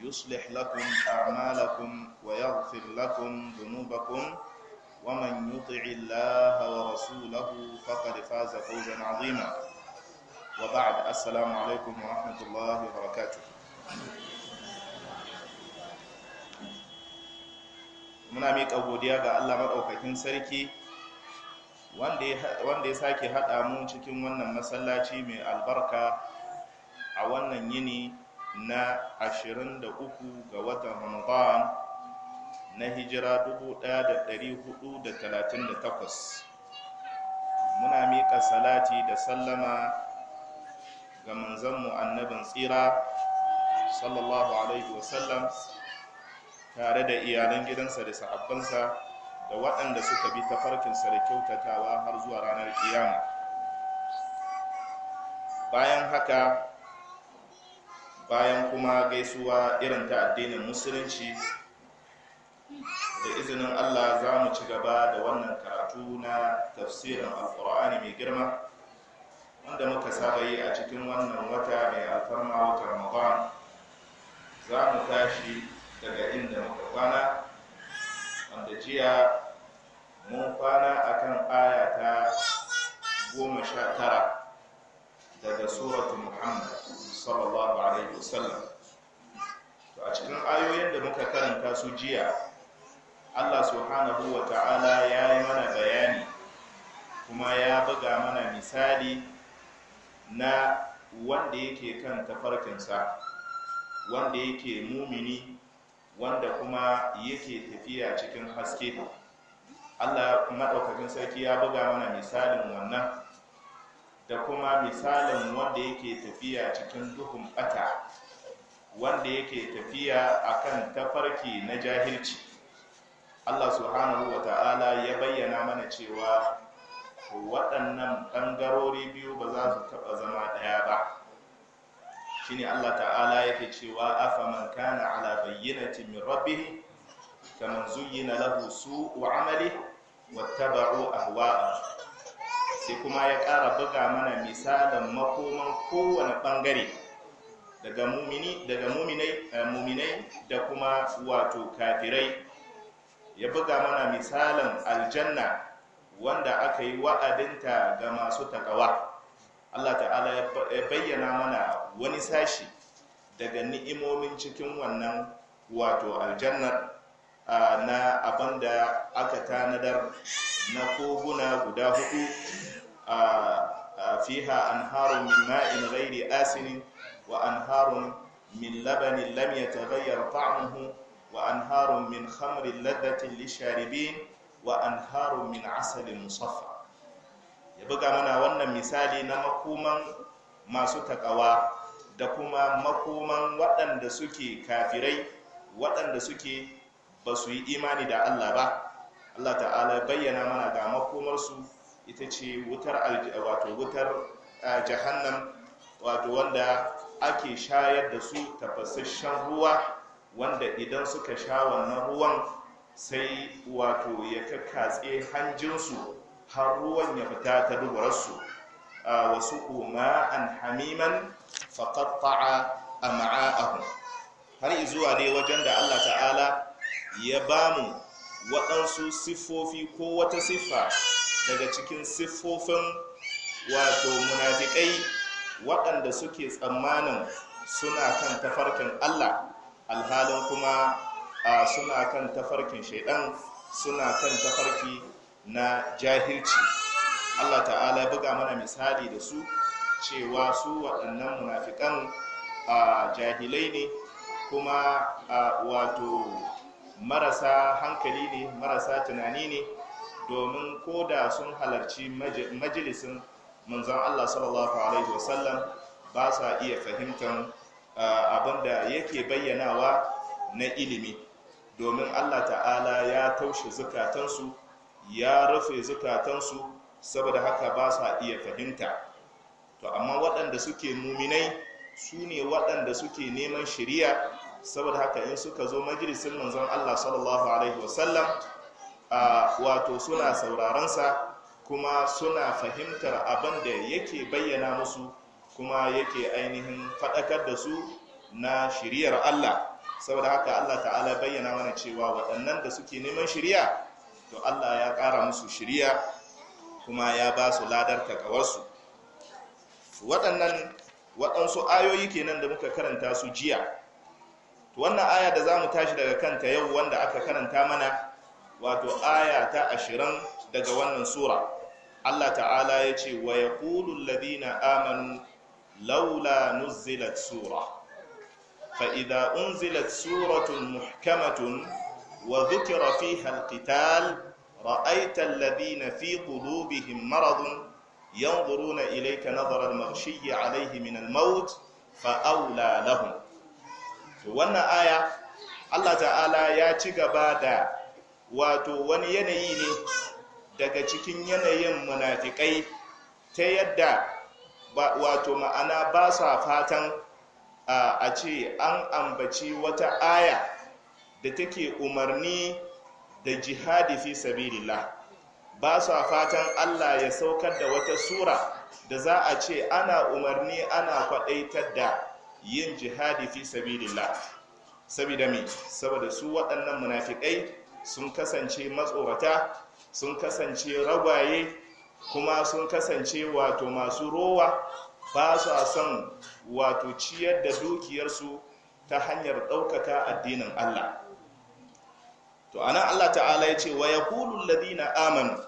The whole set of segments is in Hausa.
يصلح لكم أعمالكم ويغفر لكم ذنوبكم ومن يطع الله ورسوله فقد فاز فوزا عظيما وبعد السلام عليكم ورحمة الله وبركاته muna miƙa godiya ga Allah maɗaukakin sarki wanda ya sake haɗa mu cikin wannan masallaci mai albarka a wannan yini na 23 ga watan Ramadan na hijira 1438 muna miƙa salati da sallama ga manzanmu annabin tsira sallallahu alaihi wasallam tare da iyalan gidansa da sahabbansa da waɗanda suka bi tafarkinsa da kyautatawa har zuwa ranar kiyama bayan haka bayan kuma gaisuwa irin ta addinin musulunci da izinin allah za mu ci gaba da wannan karatu na tafsirin Alƙur'ani mai girma wanda muka saba yi a cikin wannan wata mai alfarma wata ramadan wasallam to a cikin ayoyin da muka karanta su jiya Allah subhanahu wa ta'ala ya yi mana bayani kuma ya buga mana misali na wanda yake kan tafarkinsa wanda yake mumini wanda kuma yake tafiya cikin haske Allah maɗaukakin sarki ya buga mana misalin wannan da kuma misalin wanda yake tafiya cikin duhun bata wanda yake tafiya akan tafarki na jahilci Allah subhanahu wa ta'ala ya bayyana mana cewa waɗannan ɓangarori biyu ba za su taɓa zama ɗaya ba shine Allah ta'ala yake cewa afaman kana ala bayyinati min rabbih kaman zuyyina lahu su'u amali wattaba'u ahwa'ahu sai kuma ya ƙara buga mana misalin makoman kowane ɓangare daga eh, muminai da kuma wato kafirai ya buga mana misalin aljanna wanda aka yi wa'adinta ga masu takawa allah ta'ala ya bayyana mana wani sashi daga ni'imomin cikin wannan wato aljannar na abin aka tanadar na koguna guda hudu A fiha anharun min ma'in ghairi asinin wa anharun min labanin lam yataghayyar ta'amuhu wa anharun min khamri ladatin lisharibin wa anharun min asalin musaffa ya buga mana wannan misali na makoman masu taƙawa, da kuma makoman waɗanda suke kafirai waɗanda suke ba yi imani da Allah ba Allah ta'ala bayyana mana ga makomarsu ita ce wutar wato wutar wato wanda ake shayar da su tafasasshen ruwa wanda idan suka sha wannan ruwan sai wato ya kakkatse hanjinsu har ruwan ya fita ta dubararsu wasu kuma an hamiman faƙaƙa a ma'a'ahu har izuwa dai wajen da allah ta'ala ya bamu waɗansu siffofi ko wata siffa daga cikin siffofin wato munafikai waɗanda suke tsammanin suna kan tafarkin Allah alhalin kuma suna kan tafarkin shaidan suna kan tafarki na jahilci Allah ta'ala ya buga mana misali da su cewa su waɗannan munafikan jahilai ne kuma wato marasa hankali ne marasa tunani ne domin ko da sun halarci majalisin manzan Allah sallallahu alaihi wasallam ba sa iya fahimtar abin da yake bayyanawa na ilimi domin Allah ta'ala ya taushe zukatansu ya rufe zukatansu saboda haka ba sa iya fahimta to amma waɗanda suke muminai su ne waɗanda suke neman shiriya saboda haka in suka zo majalisin manzan Allah sallallahu alaihi wasallam a wato suna sa kuma suna fahimtar abin da yake bayyana musu kuma yake ainihin faɗakar da su na shiriyar Allah saboda haka Allah ta'ala bayyana mana cewa waɗannan da suke neman shiriya to Allah ya ƙara musu shiriya kuma ya ba su ladar takawarsu waɗannan waɗansu ayoyi kenan da muka karanta su jiya wannan aya da zamu tashi daga kanta yau wanda aka karanta mana wato aya ta ashirin daga wannan sura Allah ta'ala ya ce wa ya kulu lalina aminu laula nuzilat sura fa’ida unzilat suratun muhkamatun wa zukira fi halkital ra’aitan lalina fi ƙudubihin maradun yan zuru na ilaika nazarar marshiyya alaihi minal maut aula lahun wannan aya Allah ta'ala ya ci gaba da wato wani yanayi ne daga cikin yanayin munafikai ta yadda wato ma'ana ba sa fatan a ce an ambaci wata aya da take umarni da jihadi fi sabilillah ba sa fatan Allah ya saukar da wata sura da za a ce ana umarni ana kwaɗaitar da yin jihadi fi sabilillah sabida me saboda su waɗannan munafikai sun kasance matsorata sun kasance ragwaye kuma sun kasance wato masu rowa ba su son wato ciyar da dukiyarsu ta hanyar ɗaukaka addinin Allah to anan Allah ta'ala ya ce wa yaqulul ladina amanu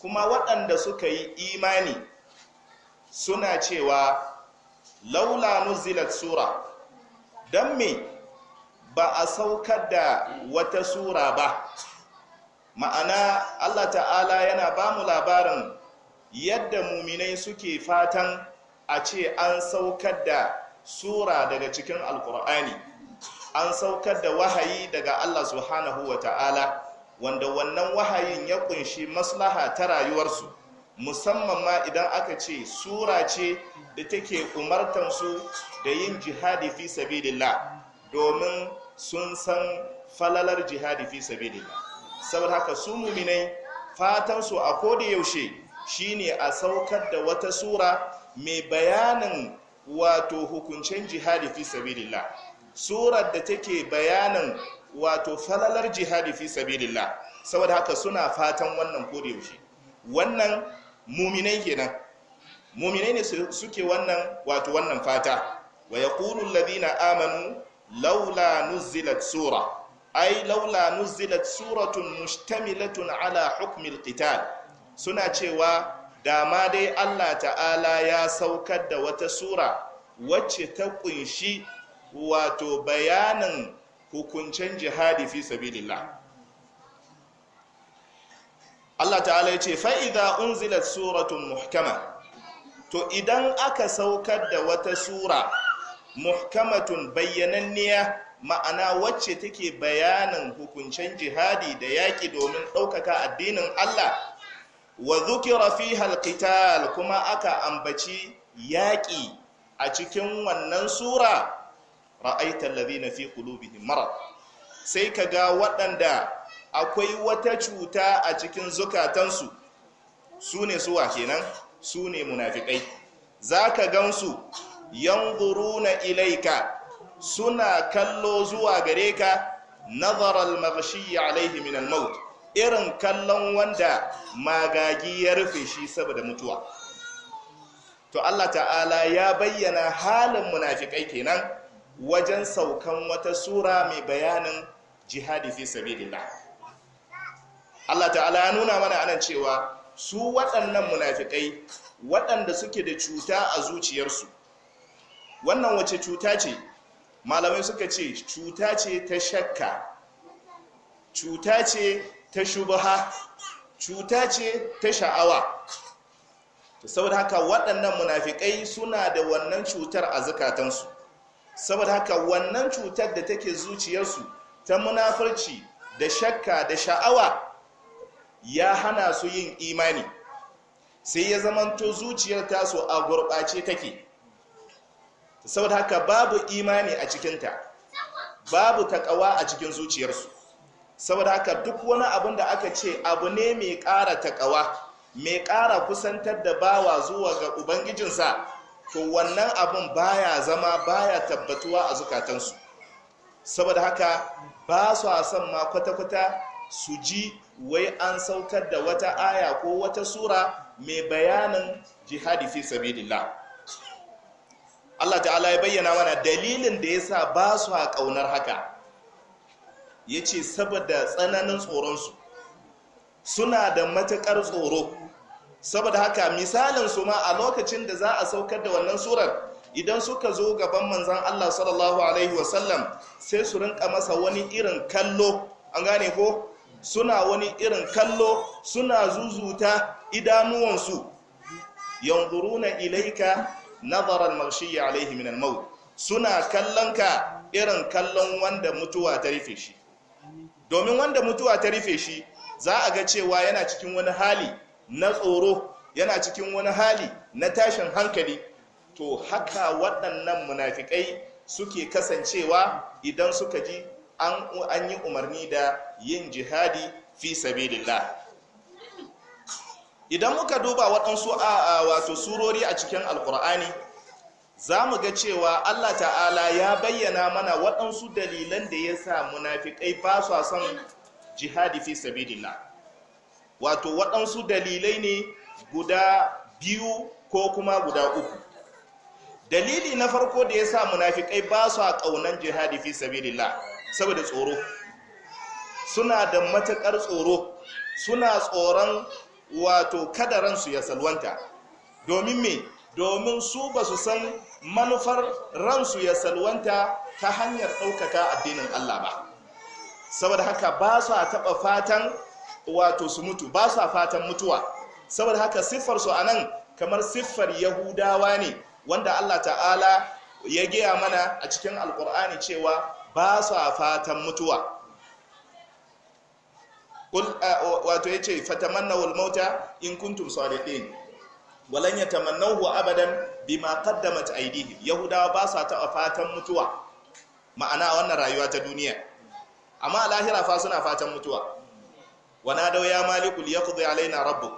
kuma waɗanda suka yi imani suna cewa laula nuzilat sura dan me ba a saukar da wata sura ba ma'ana allah ta'ala yana ba mu labarin yadda muminai suke fatan a ce an saukar da sura daga cikin alkur'ani an saukar da wahayi daga allah subhanahu wa ta'ala wanda wannan wahayin ya kunshi maslaha ta rayuwarsu musamman ma idan aka ce sura ce da take umartansu da yin jihadi fi sabilillah domin sun san falalar jihadi fi sabilillah saboda haka su muminai fatan su a koda yaushe shine a saukar da wata sura mai bayanin wato hukuncen jihadi fi sabilillah surar da take bayanin wato falalar jihadi fi sabilillah saboda haka suna fatan wannan koda yaushe wannan muminai kenan muminai ne suke wannan wato wannan fata wa yaqulu alladhina amanu laula nuzilat sura ai laula nuzilat suratun mustamilatun ala hukmil qital suna cewa dama dai Allah ta'ala ya saukar da wata sura wacce ta kunshi wato bayanin hukuncen jihadi fi sabilillah Allah ta'ala ya ce fa'iza unzilat suratun muhkama to idan aka saukar da wata sura muhkamatun bayyananniya ma'ana wacce take bayanin hukuncen jihadi da yaƙi domin ɗaukaka addinin Allah wa zukira fi halkital kuma aka ambaci yaƙi a cikin wannan sura ra'aita alladhina fi qulubihim marad sai kaga waɗanda akwai wata cuta a cikin zukatansu su ne suwa kenan su ne munafikai za ka gansu yanzuruna ilaika suna kallo zuwa gare ka nazar al-maghshi alaihi min al-maut irin kallon wanda magagi ya rufe shi saboda mutuwa to Allah ta'ala ya bayyana halin munafikai kenan wajen saukan wata sura mai bayanin jihadi fi sabilillah Allah ta'ala ya nuna mana anan cewa su waɗannan munafikai waɗanda suke da cuta a zuciyarsu wannan wace cuta ce malamai suka ce cuta ce ta shakka cuta ce ta shubha cuta ce ta sha'awa saboda haka waɗannan munafikai suna da wannan cutar a zukatansu saboda haka wannan cutar da take zuciyarsu ta munafarci da shakka da sha'awa ya hana su yin imani sai ya zamanto zuciyar tasu a gurɓace take saboda haka babu imani a cikinta babu takawa a cikin zuciyarsu saboda haka duk wani abin da aka ce abu ne mai ƙara takawa mai ƙara kusantar da bawa zuwa ga ubangijinsa to wannan abin baya zama baya tabbatuwa a zukatansu saboda haka ba su son ma kwata-kwata su ji wai an sautar da wata aya ko wata sura mai bayanin jihadi fi sabilillah Allah ta'ala ya bayyana mana dalilin da ya sa ba su a ƙaunar haka ya ce saboda tsananin tsoronsu suna da matukar tsoro saboda haka misalin su ma a lokacin da za a saukar da wannan surar idan suka zo gaban manzan Allah sallallahu alaihi wasallam sai su rinka masa wani irin kallo an gane ko suna wani irin kallo suna zuzuta idanuwansu na ilaika nazaran maghshiya alaihi min al-maut suna kallon ka irin kallon wanda mutuwa ta rufe shi domin wanda mutuwa ta rufe shi za a ga cewa yana cikin wani hali na tsoro yana cikin wani hali na tashin hankali to haka waɗannan munafikai suke kasancewa idan suka ji an yi umarni da yin jihadi fi sabilillah idan muka duba waɗansu a wato surori a cikin alkur'ani za mu ga cewa allah ta'ala ya bayyana mana waɗansu dalilan da ya sa munafikai ba su son jihadi fi sabidillah wato waɗansu dalilai ne guda biyu ko kuma guda uku dalili na farko da ya sa munafikai ba su a ƙaunan jihadi fi sabidillah saboda tsoro suna da matuƙar tsoro suna tsoron wato kada ransu ya salwanta domin me domin su ba su san manufar ransu ya salwanta ta hanyar ɗaukaka addinin Allah ba saboda haka ba su a taɓa fatan wato su mutu ba su a fatan mutuwa saboda haka siffarsu a nan kamar siffar yahudawa ne wanda Allah ta'ala ya gaya mana a cikin alkur'ani cewa ba su a fatan mutuwa wato yace manna walmauta in kuntum salihin walan yatamannahu abadan bima qaddamat aydihim yahudawa ba sa taɓa fatan mutuwa ma'ana wannan rayuwa ta duniya amma a lahira fa suna fatan mutuwa wana da ya maliku liyaqdi alaina rabbuk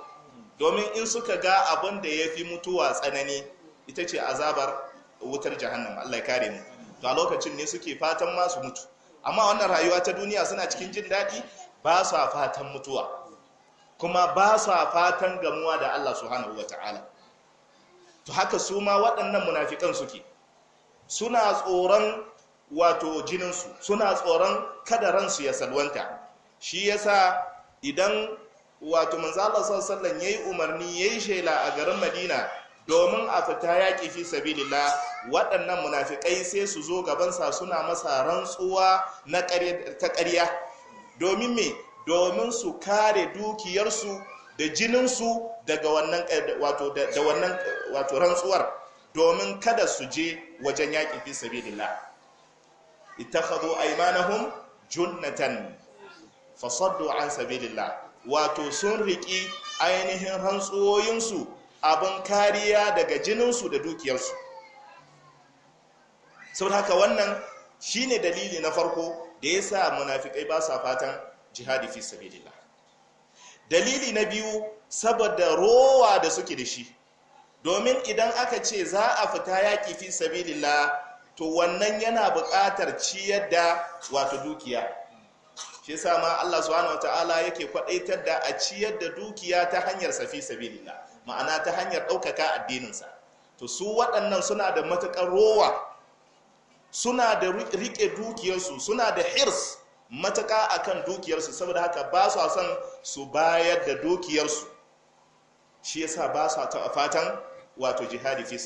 domin in suka ga abin da fi mutuwa tsanani ita ce azabar wutar jahannam Allah ya kare mu to a lokacin ne suke fatan masu mutu amma wannan rayuwa ta duniya suna cikin jin daɗi ba sa fatan mutuwa kuma ba sa fatan gamuwa da Allah subhanahu to haka su ma waɗannan munafikan suke suna tsoron wato jininsu suna tsoron kada ransu ya salwanta shi yasa idan wato Manzala Allah Sallan ya yi umarni ya yi shela a garin Madina domin a fita yaƙi fi sabilillah waɗannan munafikai sai su zo gabansa suna masa rantsuwa ta ƙarya domin me domin su kare dukiyarsu da jininsu daga wannan eh, wato eh, wato rantsuwar domin kada su je wajen yaƙi fi sabilillah ittakhadhu aymanahum junnatan fasaddu an sabilillah wato sun riki ainihin rantsuwoyinsu abin kariya daga jininsu da dukiyarsu saboda haka wannan shine dalili na farko da ya sa munafikai ba sa fatan jihadi fi sabilillah dalili na biyu saboda rowa da suke da shi domin idan aka ce za a fita yaƙi fi sabilillah to wannan yana buƙatar ciyar da wato dukiya shi sa ma Allah subhanahu wataala yake kwadaitar da a ciyar da dukiya ta hanyar safi sabilillah ma'ana ta hanyar ɗaukaka addininsa to su waɗannan suna da matuƙar rowa suna da rike dukiyarsu suna da hirs mataka akan dukiyarsu saboda haka ba su son su bayar da dukiyarsu shi yasa ba su fatan wato jihadi fi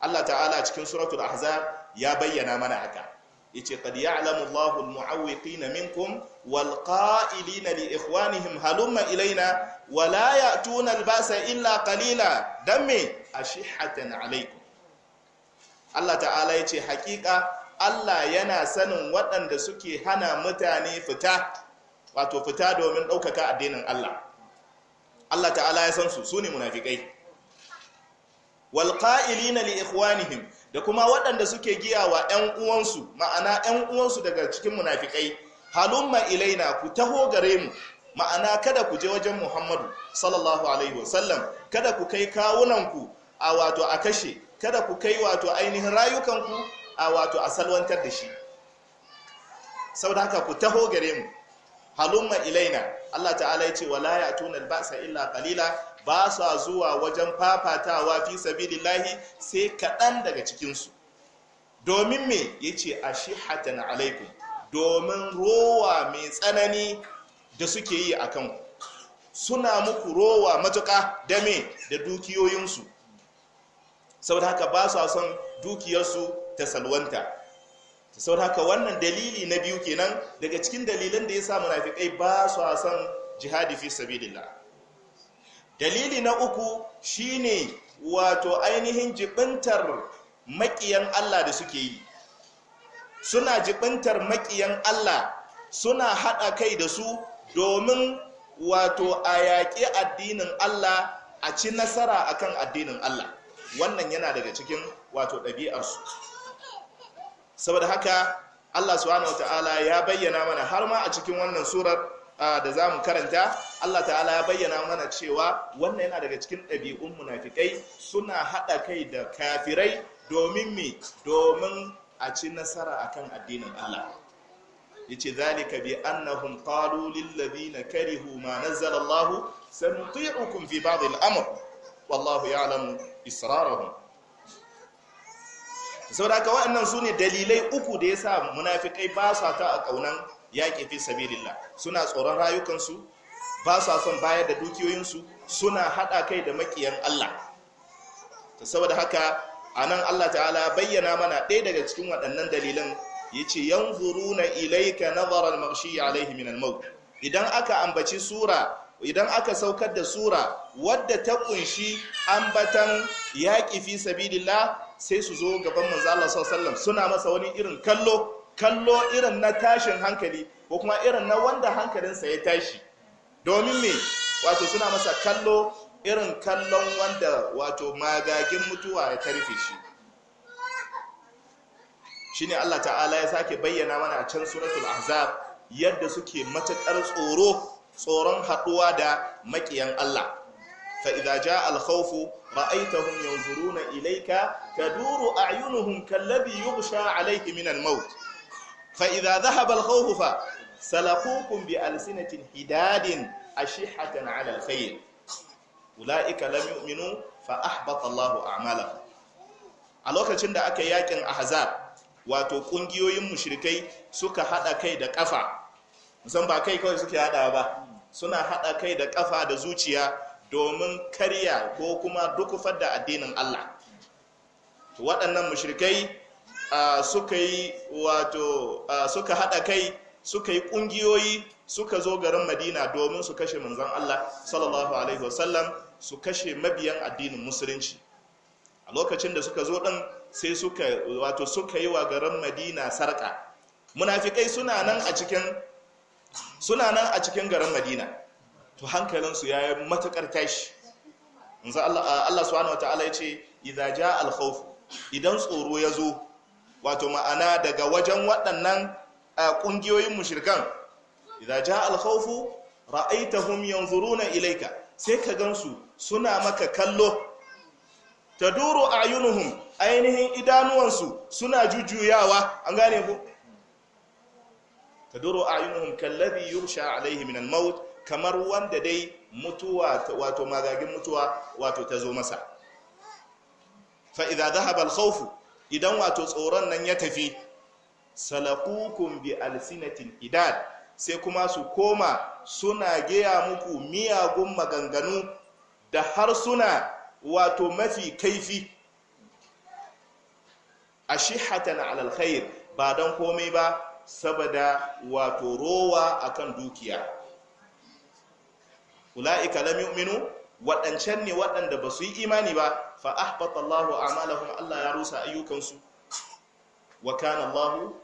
Allah ta'ala a cikin suratul ahzab ya bayyana mana haka yace qad ya'lamu Allahu al-mu'awwiqina minkum wal qa'ilina li ikhwanihim halumma ilaina wa la ya'tuna al-ba'sa illa qalila dan me ashihatan alaykum Allah ta'ala ya ce hakika Allah yana sanin waɗanda suke hana mutane fita wato fita domin ɗaukaka addinin Allah Allah ta'ala ya san su su ne munafiƙai wal qa'ilina li ikhwanihim da kuma waɗanda suke giya giyawa 'yan uwansu ma'ana 'yan uwansu daga cikin munafiƙai halumma ilaina ku taho gare mu ma'ana kada ku je wajen muhammadu sallallahu alaihi wasallam kada ku kai kawunanku a wato a kashe kada ku kai wato ainihin rayukanku a wato a salwantar da shi sau da haka ku taho gare mu halumma ilaina Allah ta'ala ya ce wala ya tuna ba'sa illa kalila ba sa zuwa wajen fafatawa fi sabilillahi sai kaɗan daga cikinsu domin me ya ce a shihatan alaikum domin rowa mai tsanani da suke yi a kanku suna muku rowa matuƙa dame da dukiyoyinsu saboda haka ba su son dukiyarsu ta salwanta saboda haka wannan dalili na biyu kenan daga cikin dalilan da ya sa munafikai ba su son jihadi fi sabilillah dalili na uku shine wato ainihin jibintar makiyan Allah da suke yi suna jibintar makiyan Allah suna hada kai da su domin wato a yaƙi addinin Allah a ci nasara akan addinin Allah wannan yana daga cikin wato ɗabi'arsu saboda haka allah subhanahu ta'ala ya bayyana mana har ma a cikin wannan surar da za mu karanta allah ta'ala ya bayyana mana cewa wannan yana daga cikin ɗabi'un munafikai suna haɗa kai da kafirai domin domin a ci nasara akan addinin allah yace zalika bi annahum qalu lil ladina karihu ma nazzala Allah sanuti'ukum fi ba'd al-amr wallahu ya'lamu israrahum da haka waɗannan su ne dalilai uku da ya sa munafikai ba sa ta a ƙaunan yaƙi fi sabilillah suna tsoron rayukansu ba sa son bayar da dukiyoyinsu suna haɗa kai da maƙiyan Allah saboda haka a nan Allah ta'ala bayyana mana ɗaya daga cikin waɗannan dalilan ya ce yan zuru na ilaika nazarar mashi alaihi min idan aka ambaci sura idan aka saukar da sura wadda ta kunshi ambatan yaƙi fi sabilillah sai su zo gaban manzo Allah sallallahu suna masa wani irin kallo kallo irin na tashin hankali ko kuma irin na wanda hankalinsa ya tashi domin me wato suna masa kallo irin kallon wanda wato magagin mutuwa ya tarife shi shine Allah ta'ala ya sake bayyana mana a can suratul ahzab yadda suke matakar tsoro tsoron haɗuwa da maƙiyan Allah fa idza jaa al khawfu ra'aytahum yanzuruna ilayka taduru a'yunuhum kalladhi yughsha alayhi min al maut fa idza dhahaba al khawfu fa salaqukum bi alsinatin hidadin ashihatan ala al khayr ulaika lam yu'minu fa ahbata Allahu a'malahum a lokacin da aka yakin ahzab wato ƙungiyoyin mushrikai suka haɗa kai da ƙafa. musan ba kai kawai suke hada ba suna haɗa kai da ƙafa da zuciya domin karya ko kuma dukufar da addinin Allah waɗannan mushrikai suka yi wato suka hada kai suka yi kungiyoyi suka zo garin Madina domin su kashe manzan Allah sallallahu alaihi wasallam su kashe mabiyan addinin musulunci a lokacin da suka zo ɗin, sai suka wato suka yi wa garin Madina sarƙa. munafikai suna nan a cikin suna nan a cikin garin madina to hankalinsu ya yi matakar tashi yanzu allah wa ta'ala ya ce idan ja idan tsoro ya zo wato ma'ana daga wajen waɗannan ƙungiyoyin mushirkan idan ja alkhawf ra'aitahum runa ilaika sai ka gansu suna maka kallo Ta taduru ayunuhum ainihin idanuwansu suna jujuyawa an gane ku taduru a'yunuhum kallazi yursha alaihi min maut kamar wanda dai mutuwa wato magagin mutuwa wato ta zo masa fa idza dhahaba idan wato tsoron nan ya tafi Salakukun bi alsinatin idad sai kuma su koma suna gaya muku miyagun maganganu da harsuna wato mafi kaifi ashihatan alal khair ba dan komai ba saboda wato rowa akan dukiya ula'ika lam yu'minu waɗancan ne waɗanda ba su yi imani ba fa ahbata Allahu a'malahum Allah ya rusa ayyukansu wa kana Allahu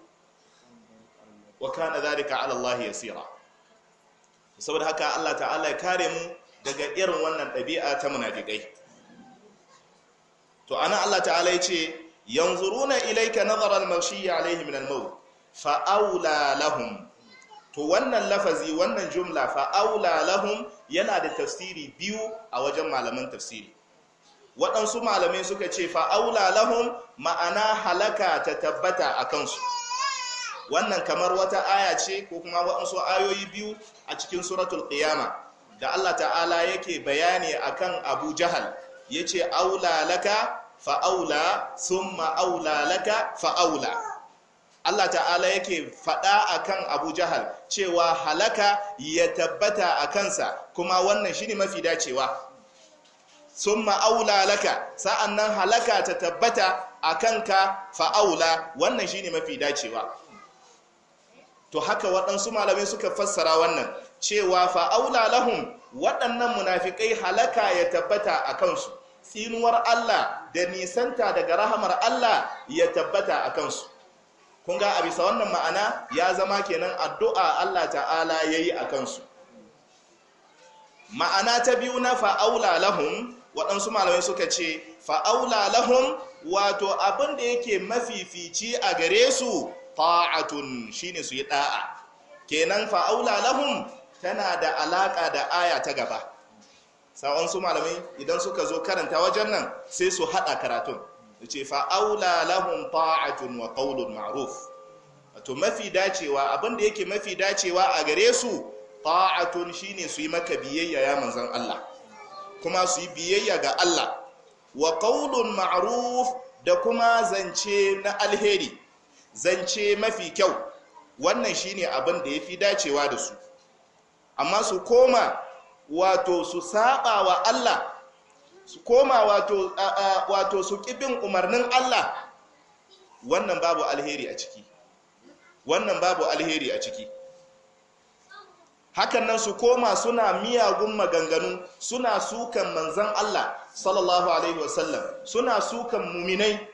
wa kana dhalika 'ala Allah yasira saboda haka Allah ta'ala ya kare mu daga irin wannan ɗabi'a ta munafikai to ana Allah ta'ala ya ce yanzuruna ilayka nazara al-maghshiyya alayhi min al-maut fa'aula lahum to wannan lafazi wannan jumla fa'aula lahum yana da tafsiri biyu a wajen malaman tafsiri waɗansu malamai suka ce fa'aula lahum ma'ana halaka ta tabbata a kansu wannan kamar wata aya ce ko kuma waɗansu ayoyi biyu a cikin suratul qiyama da Allah ta'ala yake bayani akan Abu Jahal ce aula laka fa'aula sun ma’aula laka fa'aula Allah ta'ala yake faɗa akan Abu Jahal cewa halaka ya tabbata a kansa kuma wannan shine mafi dacewa sun ma'aula laka nan halaka ta tabbata a kanka fa'aula wannan shine mafi dacewa to haka waɗansu malamai suka fassara wannan cewa fa'aula lahum waɗannan munafikai halaka ya tabbata a kansu tsinuwar Allah da nisanta daga rahamar Allah ya tabbata a kansu kun ga a bisa wannan ma'ana ya zama kenan addu'a Allah ta'ala yayi a kansu ma'ana ta biyu na fa'aula lahum waɗansu malamai suka ce fa'aula lahum wato abin da yake mafifici a gare su ta'atun shine su yi da'a kenan fa'aula lahum tana da alaƙa da aya ta gaba sa'on malamai idan suka zo karanta wajen nan sai su haɗa karatun ce fa aula lahum ta'atun wa qawlun ma'ruf to mafi dacewa abin da yake mafi dacewa a gare su ta'atun shine su yi maka biyayya ya manzon Allah kuma su yi biyayya ga Allah wa qawlun ma'ruf da kuma zance na alheri zance mafi kyau wannan shine abin da yafi dacewa da su amma su koma wato su saba wa Allah su koma wato su ƙibin umarnin Allah wannan babu alheri a ciki wannan babu alheri a ciki hakan nan su koma suna miyagun maganganu suna sukan manzan Allah sallallahu alaihi wasallam suna sukan muminai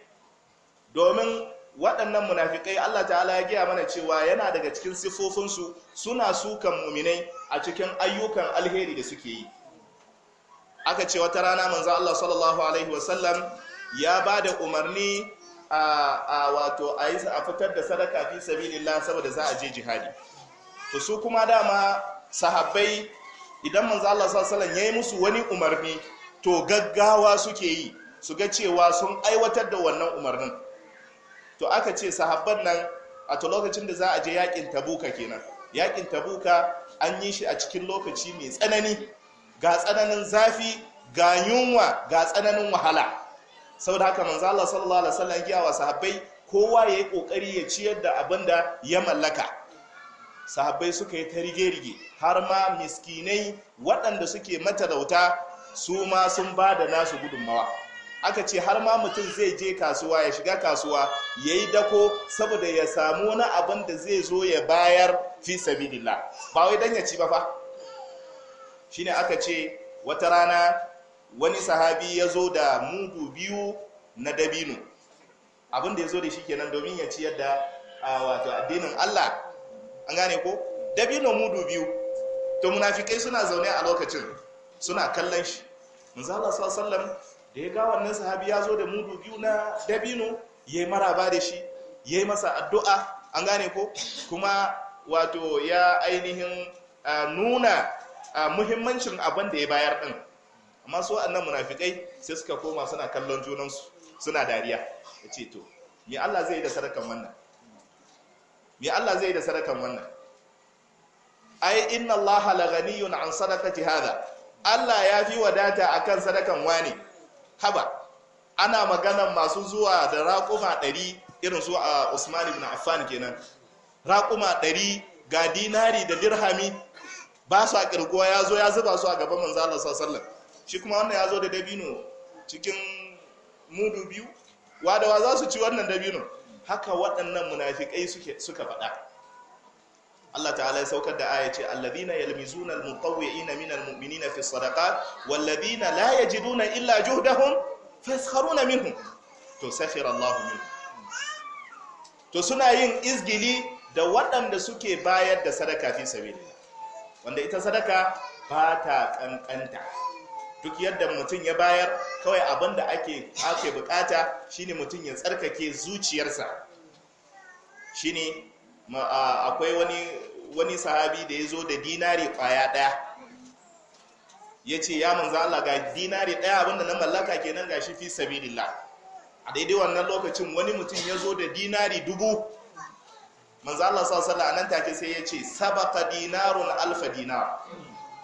domin waɗannan munafikai Allah ta'ala ya gaya mana cewa yana daga cikin siffofinsu suna sukan muminai a cikin ayyukan alheri da suke yi aka ce wata rana manzo Allah sallallahu alaihi wasallam ya ba da umarni a wato a yi a fitar da sadaka fi sabilillah saboda za a je jihadi to su kuma dama sahabbai idan manzo Allah sallallahu alaihi wasallam musu wani umarni to gaggawa suke yi su ga cewa sun aiwatar da wannan umarnin to aka ce sahabban nan a to lokacin da za a je yakin tabuka kenan yakin tabuka an yi shi a cikin lokaci mai tsanani ga tsananin zafi ga yunwa ga tsananin wahala saboda haka manzo Allah sallallahu alaihi wasallam ya wa sahabbai kowa ya yi kokari ya ciyar da abinda ya mallaka sahabbai suka yi ta rige-rige har ma miskinai waɗanda suke matalauta su ma sun ba da nasu gudunmawa aka ce har ma mutum zai je kasuwa ya shiga kasuwa ya yi dako saboda ya samu wani abin da zai zo ya bayar fi sabidillah ba wai don ya ci ba fa shine aka ce wata rana wani sahabi ya zo da mudu biyu na dabino abinda ya zo da shi kenan domin ya ciyar da wato addinin Allah an gane ko dabino mudu biyu to munafikai suna zaune a lokacin suna kallon shi manzo Allah sallallahu da ya ga wannan sahabi ya zo da mudu biyu na dabino yayi maraba da shi yayi masa addu'a an gane ko kuma wato ya ainihin nuna muhimmancin abin da ya bayar din amma su waɗannan munafikai sai suka koma suna kallon junansu suna dariya ya ce to me Allah zai yi da sadakan wannan me Allah zai yi da sadakan wannan ai inna Allah la ghaniyun an sadaqati hada Allah ya fi wadata akan sadakan wani haba ana maganan masu zuwa da raƙuma ɗari irin su a Usman ibn Affan kenan raƙuma ɗari ga dinari da dirhami ba su a kirguwa ya zo ya zuba su a gaban manzo Allah shi kuma wannan ya zo da dabino cikin mudu biyu wadawa za su ci wannan dabino haka waɗannan munafikai suka faɗa Allah ta'ala ya saukar da aya ce alladhina yalmizuna almutawwi'ina minal mu'minina fi sadaqat walladhina la yajiduna illa juhdahum faskharuna minhum to sakhira Allahu minhum to suna yin izgili da waɗanda suke bayar da sadaka fi sabilillah wanda ita sadaka ba ta kankanta duk yadda mutum ya bayar kawai abin da ake ake bukata shine mutum ya tsarkake zuciyarsa shine akwai wani sahabi da ya zo da dinari kwaya daya ya ce ya manzo Allah ga dinari daya abinda na mallaka kenan gashi fi lilla. a daidai wannan lokacin wani mutum ya zo da dinari dubu manzo Allah sallallahu alaihi wasallam nan take sai ya ce sabaqa dinarun alfa dinar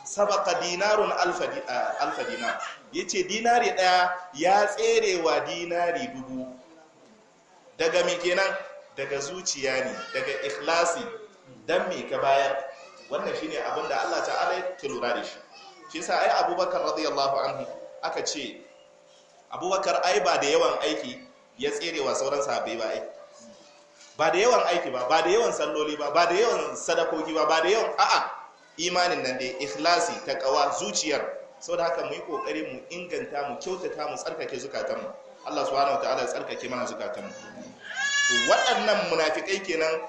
sabaqa dinarun alfa ah, alfa dinar yace dinari daya ya tserewa dinari dubu daga me kenan daga zuciya ne daga ikhlasi dan me ka bayar wannan shine abin da Allah ta'ala ya lura da shi shi yasa ai Abubakar radiyallahu anhu aka ce Abubakar ai ba da yawan aiki ya tserewa sauran sahabbai ba ai ba da yawan aiki ba ba da yawan salloli ba ba da yawan sadakoki ba ba da yawan a'a imanin nan dai ikhlasi taqwa zuciyar saboda haka mu yi kokari mu inganta mu kyautata mu tsarkake zukatanmu Allah subhanahu wataala ya tsarkake mana zukatanmu waɗannan munafikai kenan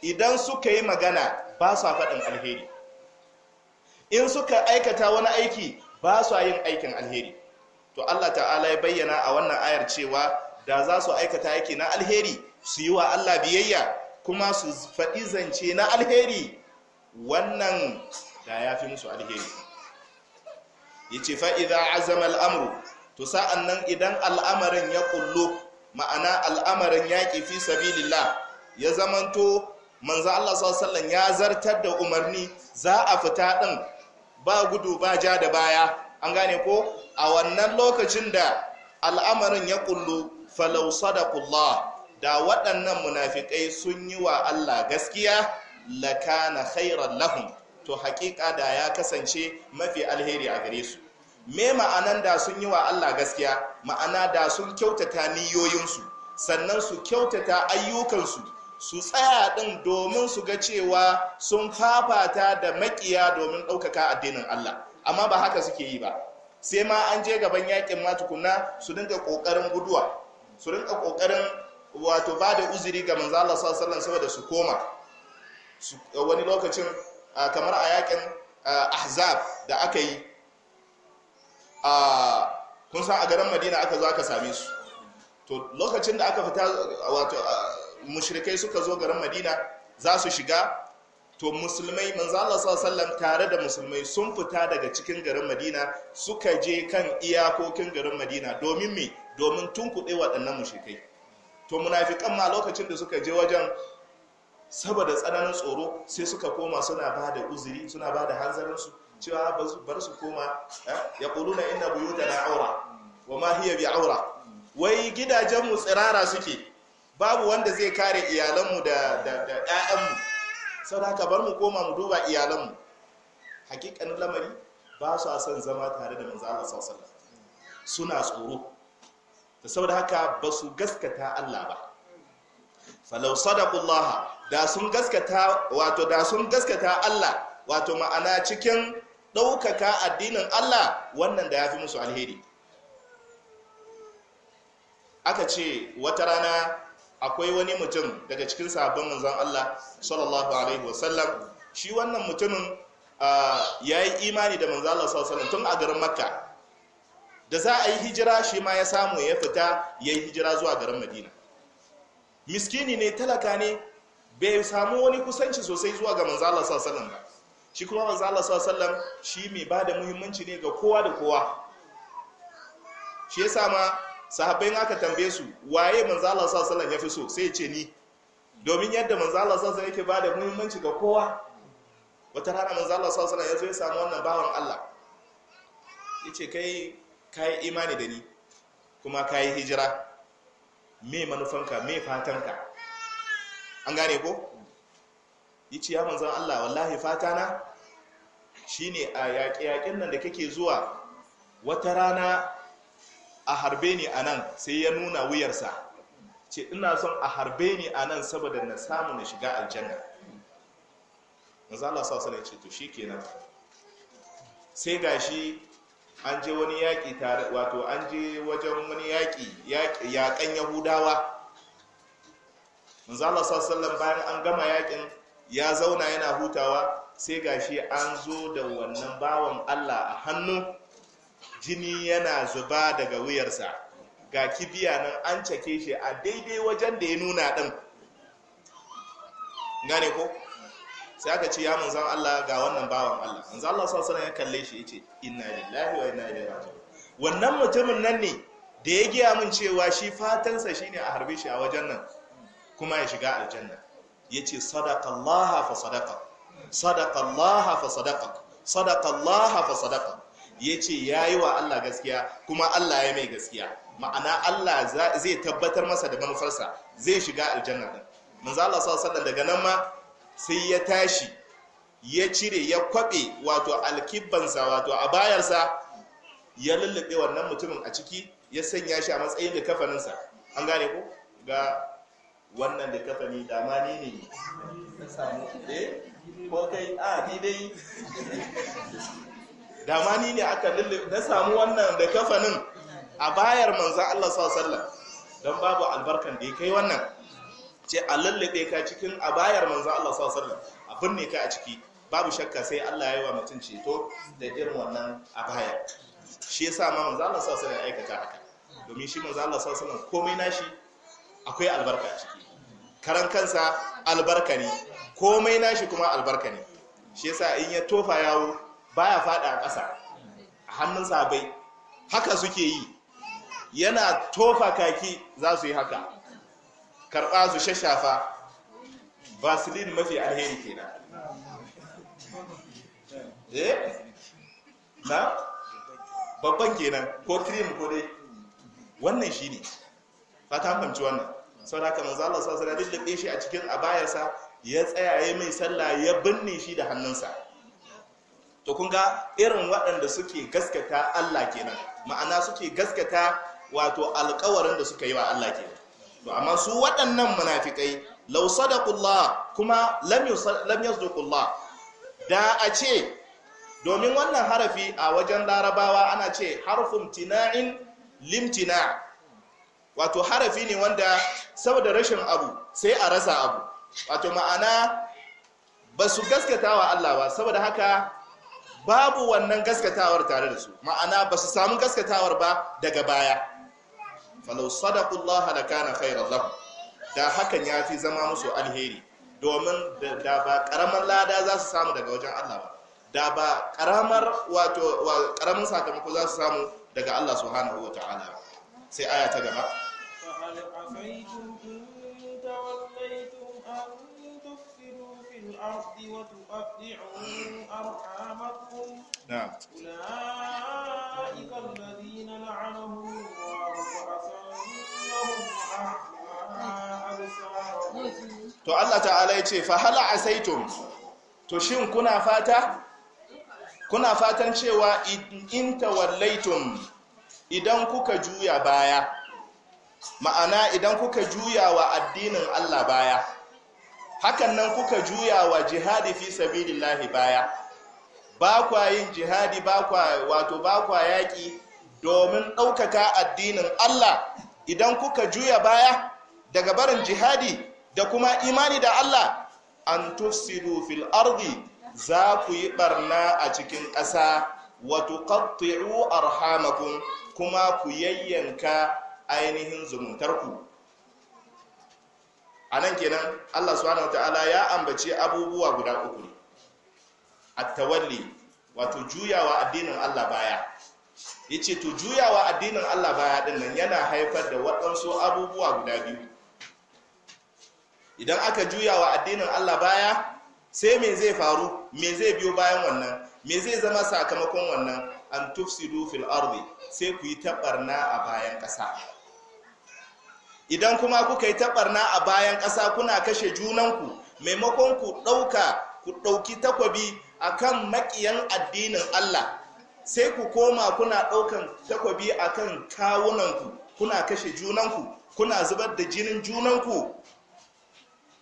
idan suka yi magana ba sa faɗin alheri in suka aikata wani aiki ba sa yin aikin alheri to Allah ta'ala ya bayyana a wannan ayar cewa da za su aikata yake na alheri su yi wa Allah biyayya kuma su faɗi zance na alheri wannan da ya fi musu alheri ya ce fa'iza azama al'amuru to sa'an nan idan al'amarin ya kullu ma'ana al'amarin ƙi fi sabilillah ya zamanto manzo Allah sallallahu ya zartar da umarni za a fita ɗin ba gudu ba ja da baya an gane ko a wannan lokacin da al'amarin ya kullu falau sadakullah da waɗannan munafikai sun yi wa Allah gaskiya lakana khairar lahum to haƙiƙa da ya kasance mafi alheri a gare su me ma'anan da sun yi wa Allah gaskiya ma'ana da sun kyautata niyoyinsu sannan su kyautata ayyukansu su tsaya ɗin domin su ga cewa sun fafata da maƙiya domin ɗaukaka addinin Allah amma ba haka suke yi ba sai ma an je gaban yakin ma tukunna su dinga ƙoƙarin guduwa su rinka kokarin wato ba da uzuri ga manzo Allah sallallahu alaihi wasallam saboda su koma wani lokacin kamar a yakin ahzab da aka yi kun san a garin madina aka zo aka same su to lokacin da aka fita wato mushrikai suka zo garin madina za su shiga to musulmai manzo Allah sallallahu tare da musulmai sun fita daga cikin garin Madina suka je kan iyakokin garin Madina domin me domin tunkuɗe waɗannan mushrikai to munafikan ma lokacin da suka je wajen saboda tsananin tsoro sai suka koma suna ba da uzuri suna ba da su cewa bar su koma eh, ya ƙuluna inna buyutana na aura wa ma hiya bi aura wai gidajenmu tsirara suke babu wanda zai kare iyalanmu da 'ya'yanmu da haka bar mu koma mu duba iyalan mu, hakikanin lamari ba su son zama tare da manzo Allah suna tsoro da saboda haka ba su gaskata Allah ba falau sadaqullaha da sun gaskata wato da sun gaskata Allah wato ma'ana cikin ɗaukaka addinin Allah wannan da ya fi musu alheri aka ce wata rana akwai wani mutum daga cikin sahabban manzon Allah sallallahu alaihi wasallam shi wannan mutumin ya yi imani da manzon Allah sallallahu alaihi wasallam tun a garin Makka da za a yi hijira shi ma ya samu ya fita ya yi hijira zuwa garin Madina miskini ne talaka ne bai samu wani kusanci sosai zuwa ga manzon Allah sallallahu alaihi wasallam ba shi kuma manzon Allah sallallahu alaihi wasallam shi mai bada muhimmanci ne ga kowa da kowa shi yasa ma sahabbai aka tambaye su waye manzo Allah sallallahu alaihi ya fi so sai ya ce ni domin yadda manzo Allah sallallahu alaihi yake bada muhimmanci ga kowa wata rana manzo Allah sallallahu alaihi ya zo ya samu wannan bawan Allah yace kai kai imani da ni kuma kai hijira me manufanka me fatanka an gane ko yace ya manzo Allah wallahi fatana shine a yaƙe-yaƙen nan da kake zuwa wata rana a harbe ni a nan sai ya nuna wuyarsa ce ina son a harbe ni a nan saboda na samu na shiga aljanna manzo Allah sallallahu alaihi shi kenan sai shi an je wani yaƙi tare wato an je wajen wani yaƙi yaƙan yahudawa manzo Allah sallallahu sallan bayan an gama yaƙin ya zauna yana hutawa sai ga shi an zo da wannan bawan Allah a hannu jini yana zuba daga wuyarsa ga kibiya nan an cake shi a daidai wajen da ya nuna ɗin gane ko sai aka ce ya manzan Allah ga wannan bawan Allah manzan Allah sa sanar ya kalle shi ya ce, inna lillahi wa inna ilaihi raji'un wannan mutumin nan ne da ya giya min cewa shi fatansa shine a harbe shi a wajen nan kuma ya shiga aljanna Ya ce sadaqallaha fa sadaqa sadaqallaha fa sadaqa sadaqallaha fa sadaqa ya ce ya yi wa Allah gaskiya kuma Allah ya mai gaskiya ma'ana Allah zai tabbatar masa da manufarsa zai shiga aljanna ɗin manzo Allah sallallahu daga nan ma sai ya tashi ya cire ya kwabe wato alkibbansa wato a bayarsa ya lullube wannan mutumin a ciki ya sanya shi a matsayin da kafaninsa an gane ko ga wannan da kafani da ma ni ne na samu eh ko kai a ni dai da ma ni ne aka lullu na samu wannan da kafanin a bayar manzo Allah sallallahu don babu albarkan da ya kai wannan ce a lullube ka cikin a bayar manzo Allah sallallahu abin ne ka a ciki babu shakka sai Allah ya yi wa mutum ceto da irin wannan a bayar shi ya sa ma manzo Allah sallallahu alaihi aikata haka domin shi manzo Allah sallallahu alaihi komai nashi akwai albarka a ciki karan kansa albarka ne komai nashi kuma albarka ne shi yasa in ya tofa yawo baya fada a ƙasa a hannun sabai haka suke yi yana tofa kaki za su yi haka karɓa su shashafa vaseline mafi alheri kenan eh na babban kenan ko cream ko dai wannan shine fata fahimci wannan saboda haka manzo Allah sallallahu alaihi wasallam duk da shi a cikin abayarsa ya tsaya mai sallah ya binne shi da hannunsa to kun ga irin waɗanda suke gaskata Allah kenan ma'ana suke gaskata wato alkawarin da suka yi wa Allah kenan to amma su waɗannan munafikai law sadaqullah kuma lam lam yasduqullah da a ce domin wannan harafi a wajen larabawa ana ce harfun tina'in limtina wato harafi ne wanda saboda rashin abu sai a rasa abu wato ma'ana ba su gaskata wa Allah ba saboda haka babu wannan gaskatawar tare da su ma'ana ba su samu gaskatawar ba daga baya falau da lakana khairan da hakan ya fi zama musu alheri domin da ba karamar lada za su samu daga wajen Allah ba da ba karamar wato karamin sakamako za su samu daga Allah subhanahu wa ta'ala sai aya ta gaba الأرض وتقطعوا أرحامكم نعم أولئك الذين لعنهم الله to Allah ta'ala ya ce fahala asaitum to shin kuna fata kuna fatan cewa in tawallaitum idan kuka juya baya ma'ana idan kuka juya wa addinin Allah baya hakan nan kuka juya wa jihadi fi sabilillahi baya ba kwa yin jihadi ba kwa wato ba kwa yaƙi domin ɗaukaka addinin Allah idan kuka juya baya daga barin jihadi da kuma imani da Allah an tufsidu fil ardi za ku yi barna a cikin ƙasa wa tuqatti'u arhamakum kuma ku yayyanka ainihin zumuntarku a nan kenan allah subhanahu ta'ala ya ambace abubuwa guda uku ne tawalli wato juyawa addinin allah baya ya ce to juyawa addinin allah baya din yana haifar da waɗansu abubuwa guda biyu idan aka juyawa addinin allah baya sai me zai faru me zai biyo bayan wannan me zai zama sakamakon wannan an tufsidu fil ardi sai ku yi tabarna a bayan ƙasa idan kuma kuka yi taɓarna a bayan ƙasa kuna kashe junanku maimakon ku ɗauka ku ɗauki takwabi akan maƙiyan addinin Allah sai ku koma kuna ɗaukan takwabi kan kawunanku kuna kashe junanku kuna zubar da jinin junanku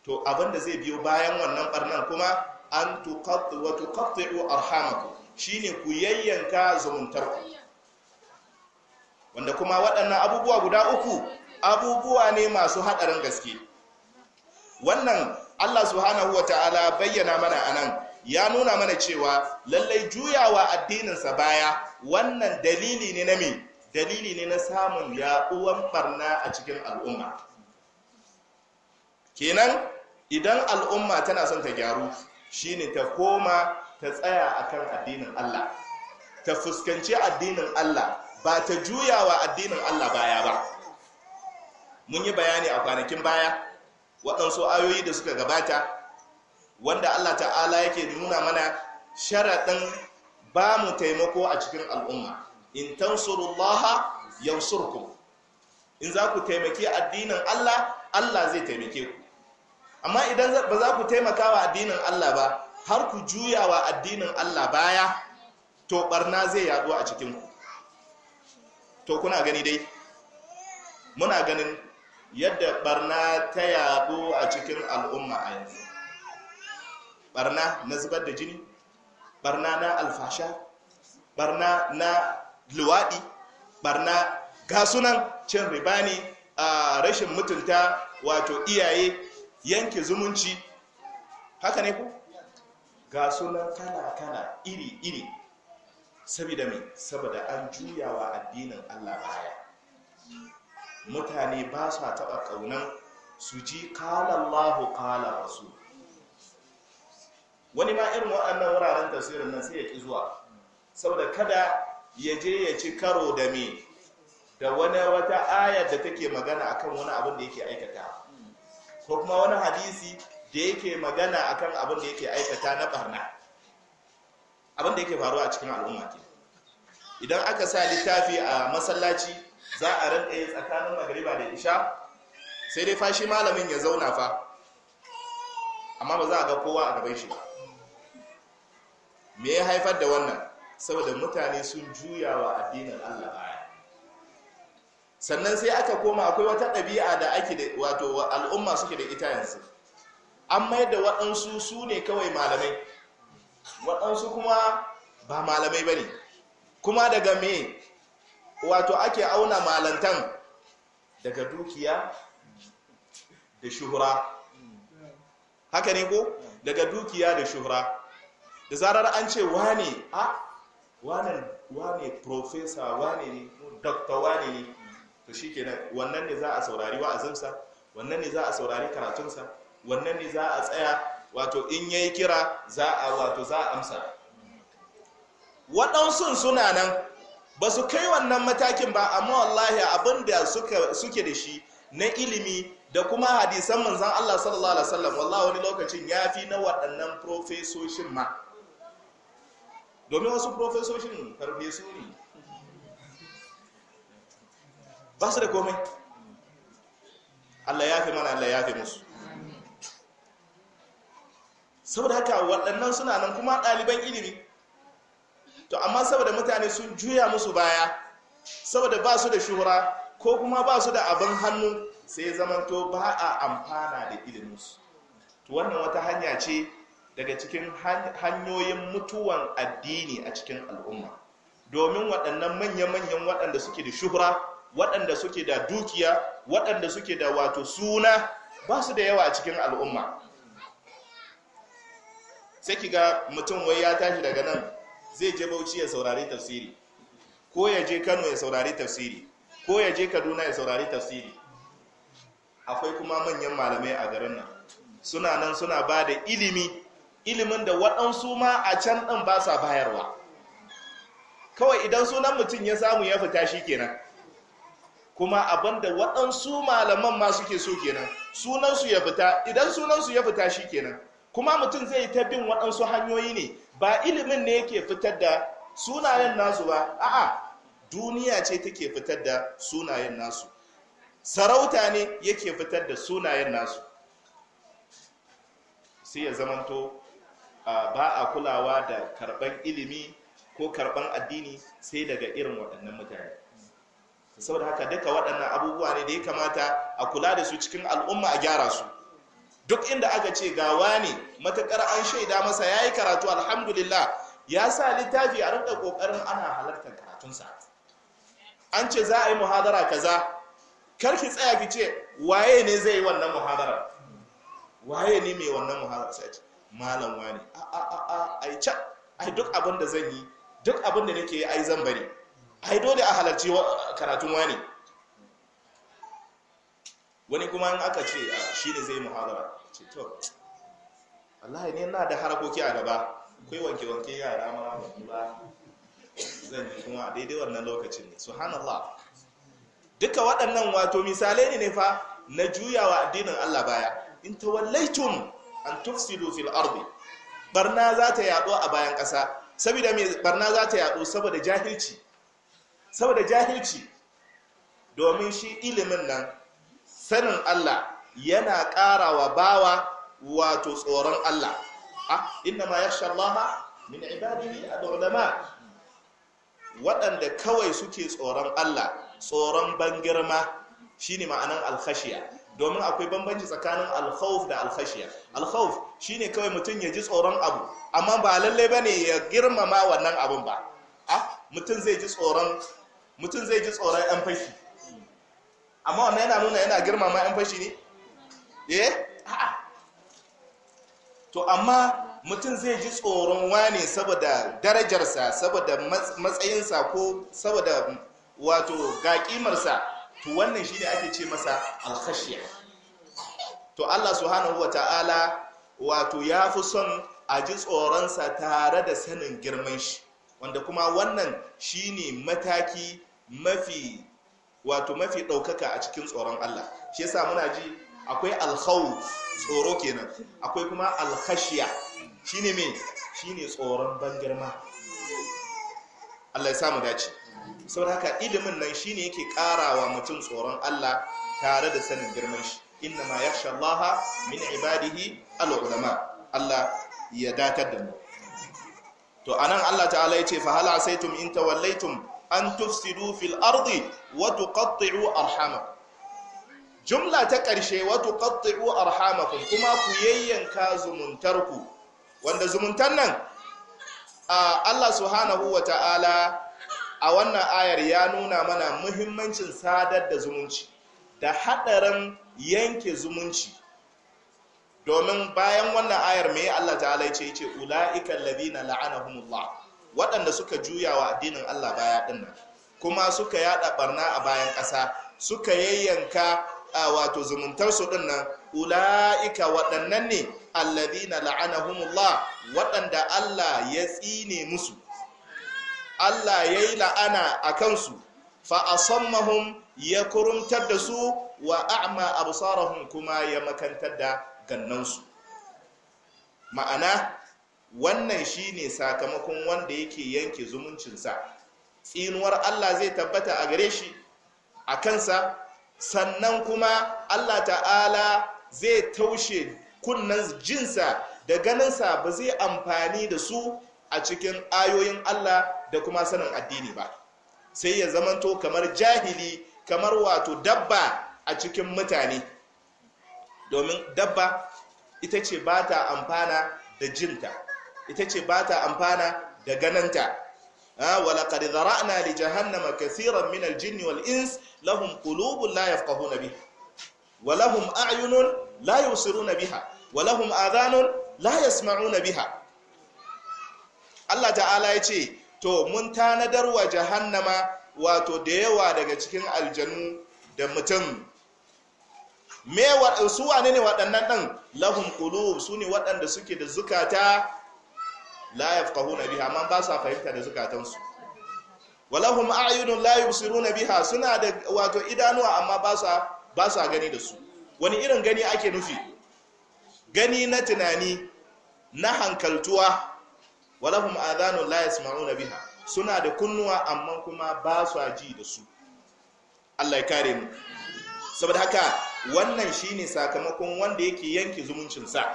to abinda zai biyo bayan wannan barnan kuma an tuqattu wa shine ku yayyanka zumuntarku wanda kuma waɗannan abubuwa guda uku abubuwa ne masu haɗarin gaske wannan allah subhanahu wa ta'ala bayyana mana a nan, ya nuna mana cewa lallai juyawa addininsa baya wannan dalili ne na me dalili ne na samun yaɓuwar barna a cikin al'umma kenan idan al'umma tana son ta gyaru shine ta koma ta tsaya a kan addinin allah ta fuskanci addinin allah ba ta juyawa addinin allah baya ba mun yi bayani a kwanakin baya waɗansu ayoyi da suka gabata wanda allah ta'ala yake nuna mana sharaɗin ba mu taimako a cikin al'umma in tansurullaha yansurkum in za ku taimaki addinin allah allah zai taimake ku amma idan ba za ku taimaka wa addinin allah ba har ku juya wa addinin allah baya to barna zai yaɗu a cikinku to kuna gani dai muna ganin yadda barna ta yabo a cikin al'umma a yanzu barna na zubar da jini barna na alfasha barna na luwaɗi barna gasunan cin ribani a rashin mutunta wato iyaye yanke zumunci haka ne ku gasunan kala-kala iri-iri saboda mai saboda an juyawa addinin allah baya mutane ba sa taɓa ƙaunan su ji kalallahu kala rasu wani ma irin waɗannan wuraren tasirin nan sai ya ƙi zuwa saboda kada ya je ya ci karo da me da wani wata ayar da take magana akan wani abin da yake aikata ko kuma wani hadisi da yake magana akan abin da yake aikata na barna abin da yake faruwa a cikin al'umma ke idan aka sa littafi a masallaci za a rinka yi tsakanin magariba da isha sai dai fashi malamin ya zauna fa amma ba za a ga kowa a gaban shi me ya haifar da wannan saboda mutane sun juya wa addinin Allah baya sannan sai aka koma akwai wata ɗabi'a da ake da wato al'umma suke da ita yanzu an mayar da waɗansu su ne kawai malamai waɗansu kuma ba malamai ba ne kuma daga me wato ake auna malantan daga dukiya da shuhura haka ne ko daga dukiya da shuhura da zarar an ce wane a wane wane profesa wane ne dokta wane ne to shikenan wannan ne za a saurari wa'azinsa wannan ne za a saurari karatunsa wannan ne za a tsaya wato in yayi kira za a wato za a amsa waɗansu suna nan ba su kai wannan matakin ba amma wallahi abin da suke da shi na ilimi da kuma hadisan manzan Allah sallallahu alaihi wasallam wallahi wani lokacin ya fi na waɗannan profesoshin ma domin wasu profesoshin farfesu ne ba su da komai Allah ya fi mana Allah ya fi musu saboda haka waɗannan suna nan kuma ɗaliban ilimi to amma saboda mutane sun juya musu baya saboda ba su da shuhura ko kuma ba su da abin hannu sai zamanto ba a amfana da iliminsu to wannan wata hanya ce daga cikin hanyoyin mutuwan addini a cikin al'umma domin waɗannan manya-manyan waɗanda suke da shuhura waɗanda suke da dukiya waɗanda suke da wato suna ba su da yawa a cikin al'umma sai ki ga mutum wai ya tashi daga nan zai je bauchi ya saurari tafsiri ko ya je kano ya saurari tafsiri ko ya je kaduna ya saurari tafsiri akwai kuma manyan malamai a garin nan suna nan suna ba da ilimi ilimin da waɗansu ma a can ɗin ba sa bayarwa kawai idan sunan mutum ya samu ya fita shi kenan kuma abin da waɗansu malaman ma suke so kenan sunansu ya fita idan sunansu ya fita shi kenan kuma mutum zai yi ta bin waɗansu hanyoyi ne ba ilimin ne yake fitar da sunayen nasu ba a'a duniya ce take fitar da sunayen nasu sarauta ne yake fitar da sunayen nasu sai ya zamanto ba a kulawa da karɓar ilimi ko karɓar addini sai daga irin waɗannan mutane saboda haka duka waɗannan abubuwa ne da ya kamata a kula da su cikin al'umma a gyara su duk inda aka ce ga wani matakar an shaida masa ya yi karatu alhamdulillah ya sa littafi a rinka kokarin ana halartar karatunsa an ce za a yi muhadara kaza kar ki tsaya ki ce waye ne zai yi wannan muhadara waye ne mai wannan muhadara sai ce malam wani a a a a ai can ai duk abin da zan yi duk abin da nake yi ai zan bari ai dole a halarci karatun wani wani kuma in aka ce ah, shi ne zai muhadara ce to wallahi ne na da harakoki a gaba akwai wanke-wanke yara ma ba zan yi kuma a daidai wannan lokacin ne subhanallah duka waɗannan wato misalai ne fa na juyawa addinin Allah baya in tawallaitum an tufsidu fil ardi barna za ta yaɗo a bayan ƙasa saboda me barna za ta yaɗo saboda jahilci saboda jahilci domin shi ilimin nan sanin Allah yana wa bawa wato tsoron Allah ah, inna ma yakhsha Allah min ibadihi al waɗanda kawai suke tsoron Allah tsoron ban girma shine ma'anan alkhashiya domin akwai bambanci tsakanin alkhawf da alkhashiya alkhawf shine kawai mutum ya ji tsoron abu amma ba lalle ne ya girmama wannan abin ba a ah, mutum zai ji tsoron mutum zai ji tsoron yan fashi amma wannan yana nuna yana girmama yan fashi ne eh to amma mutum zai ji tsoron wane saboda darajarsa saboda matsayinsa ko saboda wato ga kimarsa to wannan shi ne ake ce masa alkashiya to Allah subhanahu ta'ala wato ya fi son a ji tsoronsa tare da sanin girman shi wanda kuma wannan shi ne mataki mafi wato mafi ɗaukaka a cikin tsoron Allah shi yasa muna ji akwai alkhawf tsoro kenan akwai kuma alkhashiya shine me shine tsoron bangirma Allah ya samu dace saboda haka ilimin nan shine yake wa mutum tsoron Allah tare da sanin girman shi inna ma yakhsha Allah min ibadihi al Allah ya datar da mu to anan Allah ta'ala ya ce fa hal asaitum in tawallaitum an tufsidu fil ardi wa tuqatti'u arhamakum jumla ta ƙarshe wa tuqatti'u arhamakum kuma ku yayyanka zumuntarku wanda zumuntar nan Allah subhanahu wa ta'ala a wannan ayar ya nuna mana muhimmancin sadar da zumunci da haɗarin yanke zumunci domin bayan wannan ayar mai Allah ta'ala ce ce ula'ika alladhina la'anahumullah waɗanda suka juya wa addinin Allah baya ɗin nan kuma suka yada barna a bayan ƙasa suka yayyanka a wato zumuntarsu ɗin nan ula'ika waɗannan ne allazina la'anahumullah waɗanda Allah ya tsine musu Allah ya yi la'ana a kansu fa'asammahum ya kurumtar da su wa a'ma absarahum kuma ya makantar da gannansu ma'ana wannan shine sakamakon wanda yake yanke zumuncinsa tsinuwar Allah zai tabbata a gare shi a kansa sannan kuma Allah ta'ala zai taushe kunnan jinsa da ganinsa ba zai amfani da su a cikin ayoyin Allah da kuma sanin addini ba sai ya zamanto kamar jahili kamar wato dabba a cikin mutane domin dabba ita ce ba ta amfana da jinta ita ce ba ta amfana da gananta wala qad na li jahannama kaseeran minal jini wal ins lahum layaf la na biha wa lahum a'yunun la biha wa lahum adhanun la biha Allah ta'ala ya ce to mun tanadar wa jahannama wato da yawa daga cikin aljanu da mutum me su wane ne waɗannan ɗin lahum qulub su ne waɗanda suke da zukata la yafqahuna biha man ba sa fahimta da zukatansu walahum a'yunun la yubsiruna biha suna da wato idanuwa amma ba sa ba gani da su wani irin gani ake nufi gani na tunani na hankaltuwa walahum adhanun la yasma'una biha suna da kunnuwa amma kuma ba su ji da su Allah ya kare mu saboda haka wannan shine sakamakon wanda yake yanke zumuncin sa.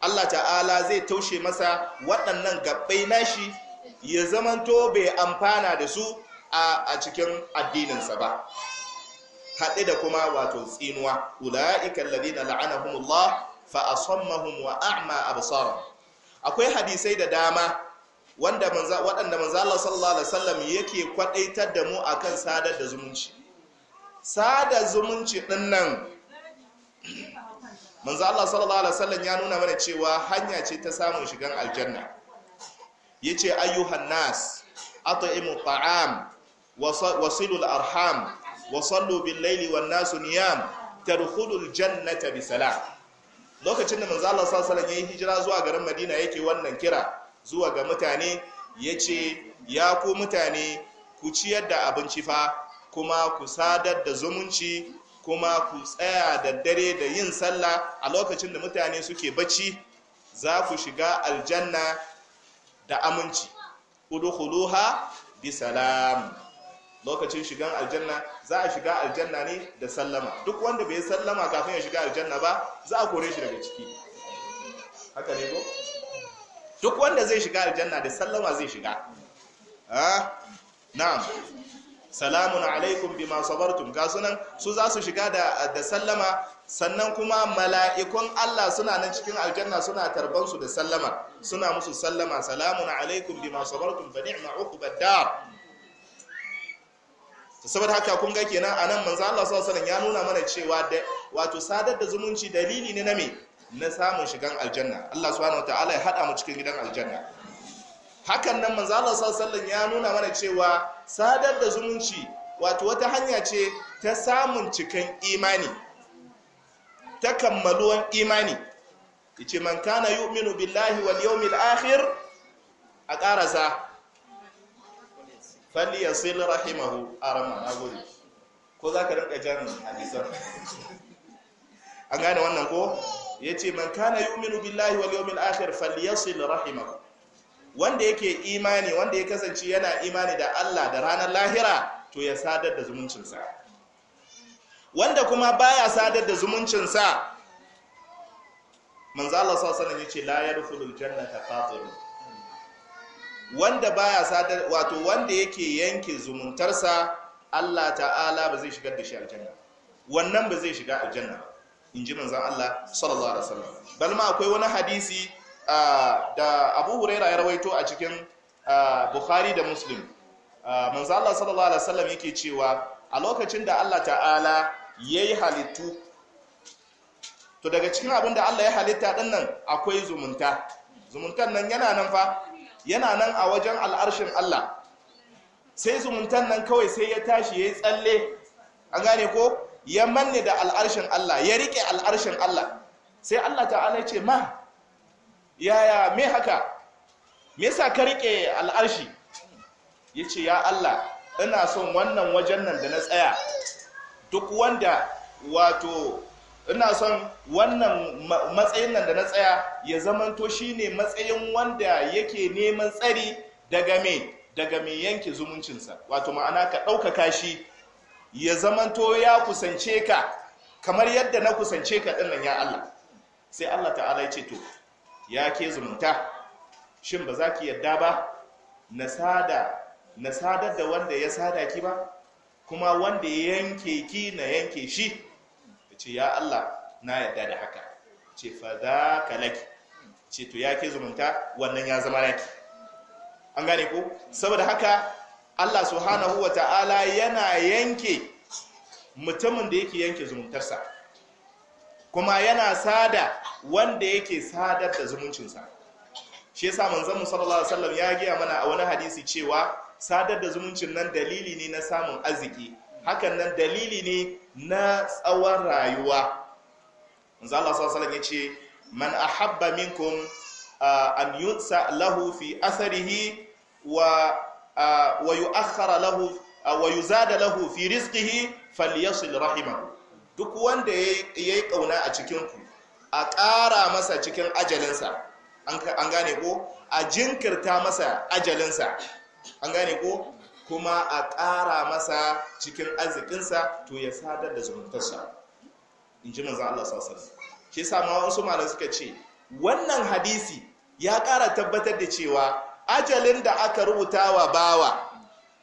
Allah ta'ala zai taushe masa waɗannan gabbai nashi ya zamanto bai amfana da su a cikin addininsa ba haɗe da kuma wato tsinuwa ula'ika ladina la'anahumullah fa asammahum wa a'ma absarahum akwai hadisai da dama wanda manza waɗanda manzo Allah sallallahu alaihi wasallam yake kwadaitar da mu akan sadar da zumunci sada zumunci din manzo Allah sallallahu alaihi wasallam ya nuna mana cewa hanya ce ta samun shigan aljanna yace ayyuhan nas at'imu ta'am wasilul arham wasallu bil laili wan nasu niyam tadkhulul jannata bi salam lokacin da manzo Allah sallallahu alaihi wasallam yayi hijira zuwa garin Madina yake wannan kira zuwa ga mutane yace ya ku mutane ku ciyar da abinci fa kuma ku sadar da zumunci kuma ku tsaya da dare da yin sallah a lokacin da mutane suke bacci za ku shiga aljanna da aminci udkhuluha bi salam lokacin shigan aljanna za a shiga aljanna ne da sallama duk wanda bai sallama kafin ya shiga aljanna ba za a kore shi daga ciki haka ne ko duk wanda zai shiga aljanna da sallama zai shiga ah, na'am salamun alaikum bima sabartum ga sunan su za su shiga da da sallama sannan kuma mala'ikun Allah suna nan cikin aljanna suna tarban su da sallama suna musu sallama salamun alaikum bima sabartum fa ni'ma uqbad dar saboda haka kun ga kenan anan manzo Allah sallallahu alaihi ya nuna mana cewa da wato sadar da zumunci dalili ne na me na samun shigan aljanna Allah subhanahu wataala ya hada mu cikin gidan aljanna hakan nan manzo Allah sallallahu ya nuna mana cewa sadar da zumunci wato wata hanya ce ta samun cikin imani ta kammaluwan imani yace man kana yu'minu billahi wal yawmil akhir a karasa falyasil rahimahu arama nagode ko za ka rinka jan hadisan an gane wannan ko yace man kana yu'minu billahi wal yawmil akhir falyasil rahimahu wanda yake imani wanda ya kasance yana imani da Allah da ranar lahira to ya sadar da zumuncinsa wanda kuma baya sadar da zumuncinsa manzo Allah sallallahu alaihi wasallam yace la jannata fatir wanda baya sadar wato wanda yake yanke zumuntarsa Allah ta'ala ba zai shigar da shi aljanna wannan ba zai shiga aljanna inji manzo Allah sallallahu alaihi wasallam bal ma akwai wani hadisi Ah, da abu huraira ya rawaito a cikin ah, bukhari da muslim ah, manzo Allah sallallahu alaihi wasallam yake cewa a lokacin da Allah ta'ala yayi halittu to daga cikin abin da Allah ya halitta din nan akwai zumunta zumuntan nan yana nan fa yana nan a wajen al'arshin Allah sai zumuntan nan kawai sai ya tashi yayi tsalle an gane ko ya manne da al'arshin Allah ya rike al'arshin Allah sai Allah ta'ala ya ce ma yaya me haka me yasa ka rike al'arshi yace ya Allah ina son wannan wajen nan da na tsaya duk wanda wato ina son wannan matsayin nan da na tsaya ya zamanto shine matsayin wanda yake neman tsari daga mai daga me yanke zumuncinsa wato ma'ana ka ɗaukaka shi ya zamanto ya kusance ka kamar yadda na kusance ka ɗin nan ya Allah sai Allah ta'ala ya ce to ya ke zumunta shin ba za ki yadda ba na sadar da wanda ya sada ki ba kuma wanda ya yanke ki na yanke shi ta ce ya Allah na yadda da haka ce fa za ka laki ce to ya ke zumunta wannan ya zama laki an gane ko saboda haka Allah subhanahu wa ta'ala yana yanke mutumin da yake yanke zumuntarsa kuma yana sada wanda yake sadar da zumuncinsa shi yasa manzon mu sallallahu alaihi wasallam ya gaya mana a wani hadisi cewa sadar da zumuncin nan dalili ne na samun arziki hakan nan dalili ne na tsawon rayuwa manzon Allah sallallahu alaihi wasallam yace man ahabba minkum an yunsa lahu fi asarihi wa wa yu'akhkhara lahu wa yuzada lahu fi rizqihi falyasil rahimahu duk wanda ya yi ƙauna a cikinku a ƙara masa cikin ajalinsa an gane ko a jinkirta masa ajalinsa an gane ko kuma a ƙara masa cikin arzikinsa to ya sadar da zumuntarsa in ji manzan Allah sassan shi sama wasu malar suka ce wannan hadisi ya ƙara tabbatar da cewa ajalin da aka rubuta wa bawa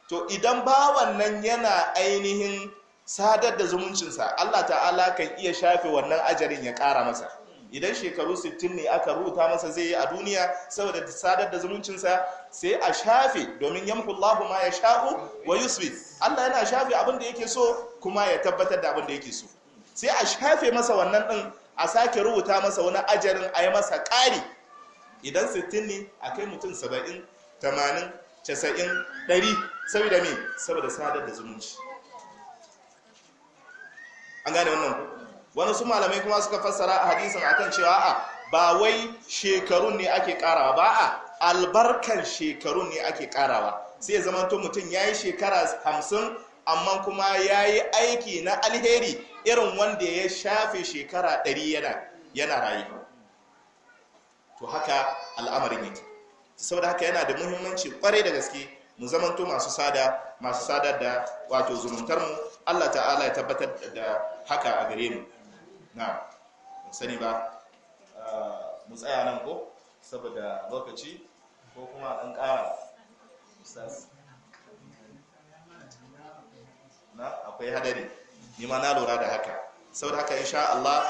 to idan bawan nan yana ainihin sadar da zumuncinsa Allah ta'ala kan iya shafe wannan ajarin ya ƙara masa idan shekaru 60 ne aka rubuta masa zai yi a duniya saboda sadar da zumuncinsa sai a shafe domin yamhullahu ma ya sha'u wa yusbit Allah yana shafe abin da yake so kuma ya tabbatar da abin da yake so sai a shafe masa wannan din a sake rubuta masa wani ajarin a yi masa ƙari idan 60 ne a kai mutum 70 80 90 100 saboda me saboda sadar da zumunci an gane wannan ku wani su malamai kuma suka fassara a hadisin akan cewa a ba wai shekarun ne ake karawa ba a albarkar shekarun ne ake karawa sai ya zama mutum ya yi shekara hamsin amma kuma ya yi aiki na alheri irin wanda ya shafe shekara ɗari yana rayu to haka al'amarin yake saboda haka yana da muhimmanci kwarai da gaske mu zamanto masu sada masu sada da wato zumuntar mu Allah ta'ala ya tabbatar da haka a gare mu na sani ba ah, mu tsaya nan ko saboda lokaci ko kuma an ƙara na akwai hadari ni ma na lura da haka saboda haka insha Allah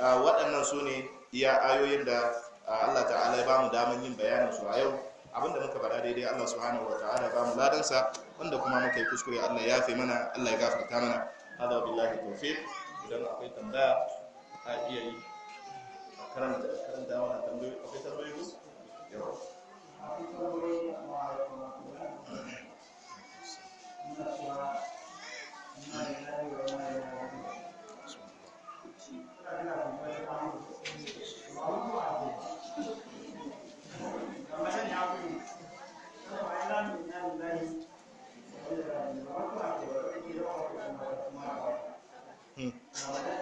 ah, waɗannan su ne iya ayoyin da ah, Allah ta'ala ya ba mu daman yin bayanin su a yau abinda muka fara daidai Allah subhanahu ta'ala ba mu ladan sa wanda kuma muka yi kuskure Allah ya fi mana Allah ya gafarta mana hada billahi tawfiq idan akwai tambaya a iya yi a karanta karanta wannan tambayoyi akwai tambayoyi ku yawa Thank you. Hmm.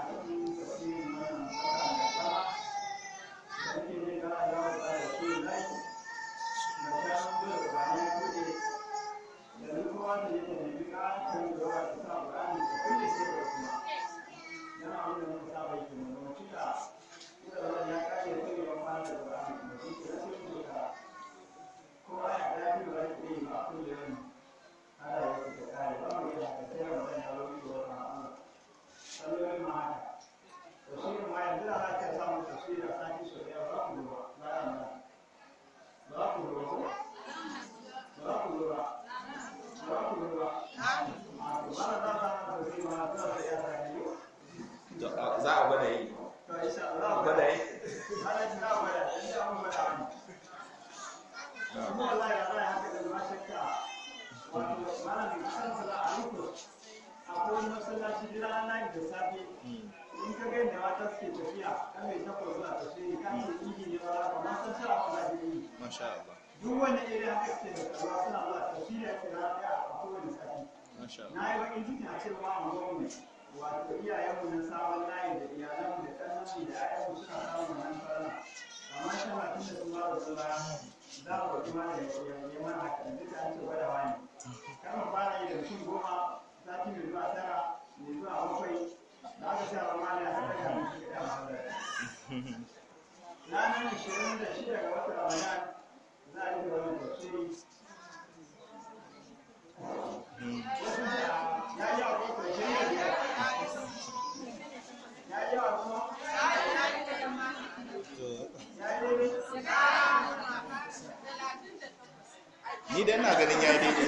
taske tafiya karfe takwas zuwa tafiya kafin inji ne duk wanda iri haka da karuwa suna zuwa tashi da a kowane sati na yi bakin ciki a cewa a gwamnati wato iyayenmu na sabon layi da iyalanmu da ƙarfi da ayyanmu suna samun nan fara kamar da kuma da su za a ɗauki mana ya neman haka duk an ce ne yi da mutum goma sati mai zuwa tara mai zuwa bakwai ranar da ni dan na ganin ya daidai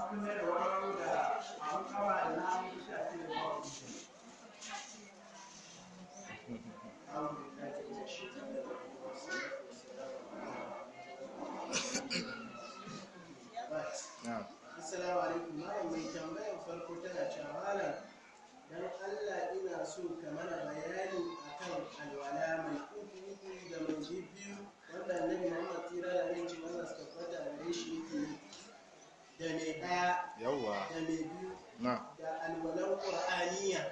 abinda da warwaro da abin kawa da namun itace da ba ku shi Assalamu alaikum malam mai tambayar farko tana cewa malam dan Allah ina so ka mana bayani akan alwala mai kuɗi da mai biyu wanda Annabi Muhammad tira da mai Allah suka fada gare shi da mai yawwa da biyu na da alwalar ƙur'aniya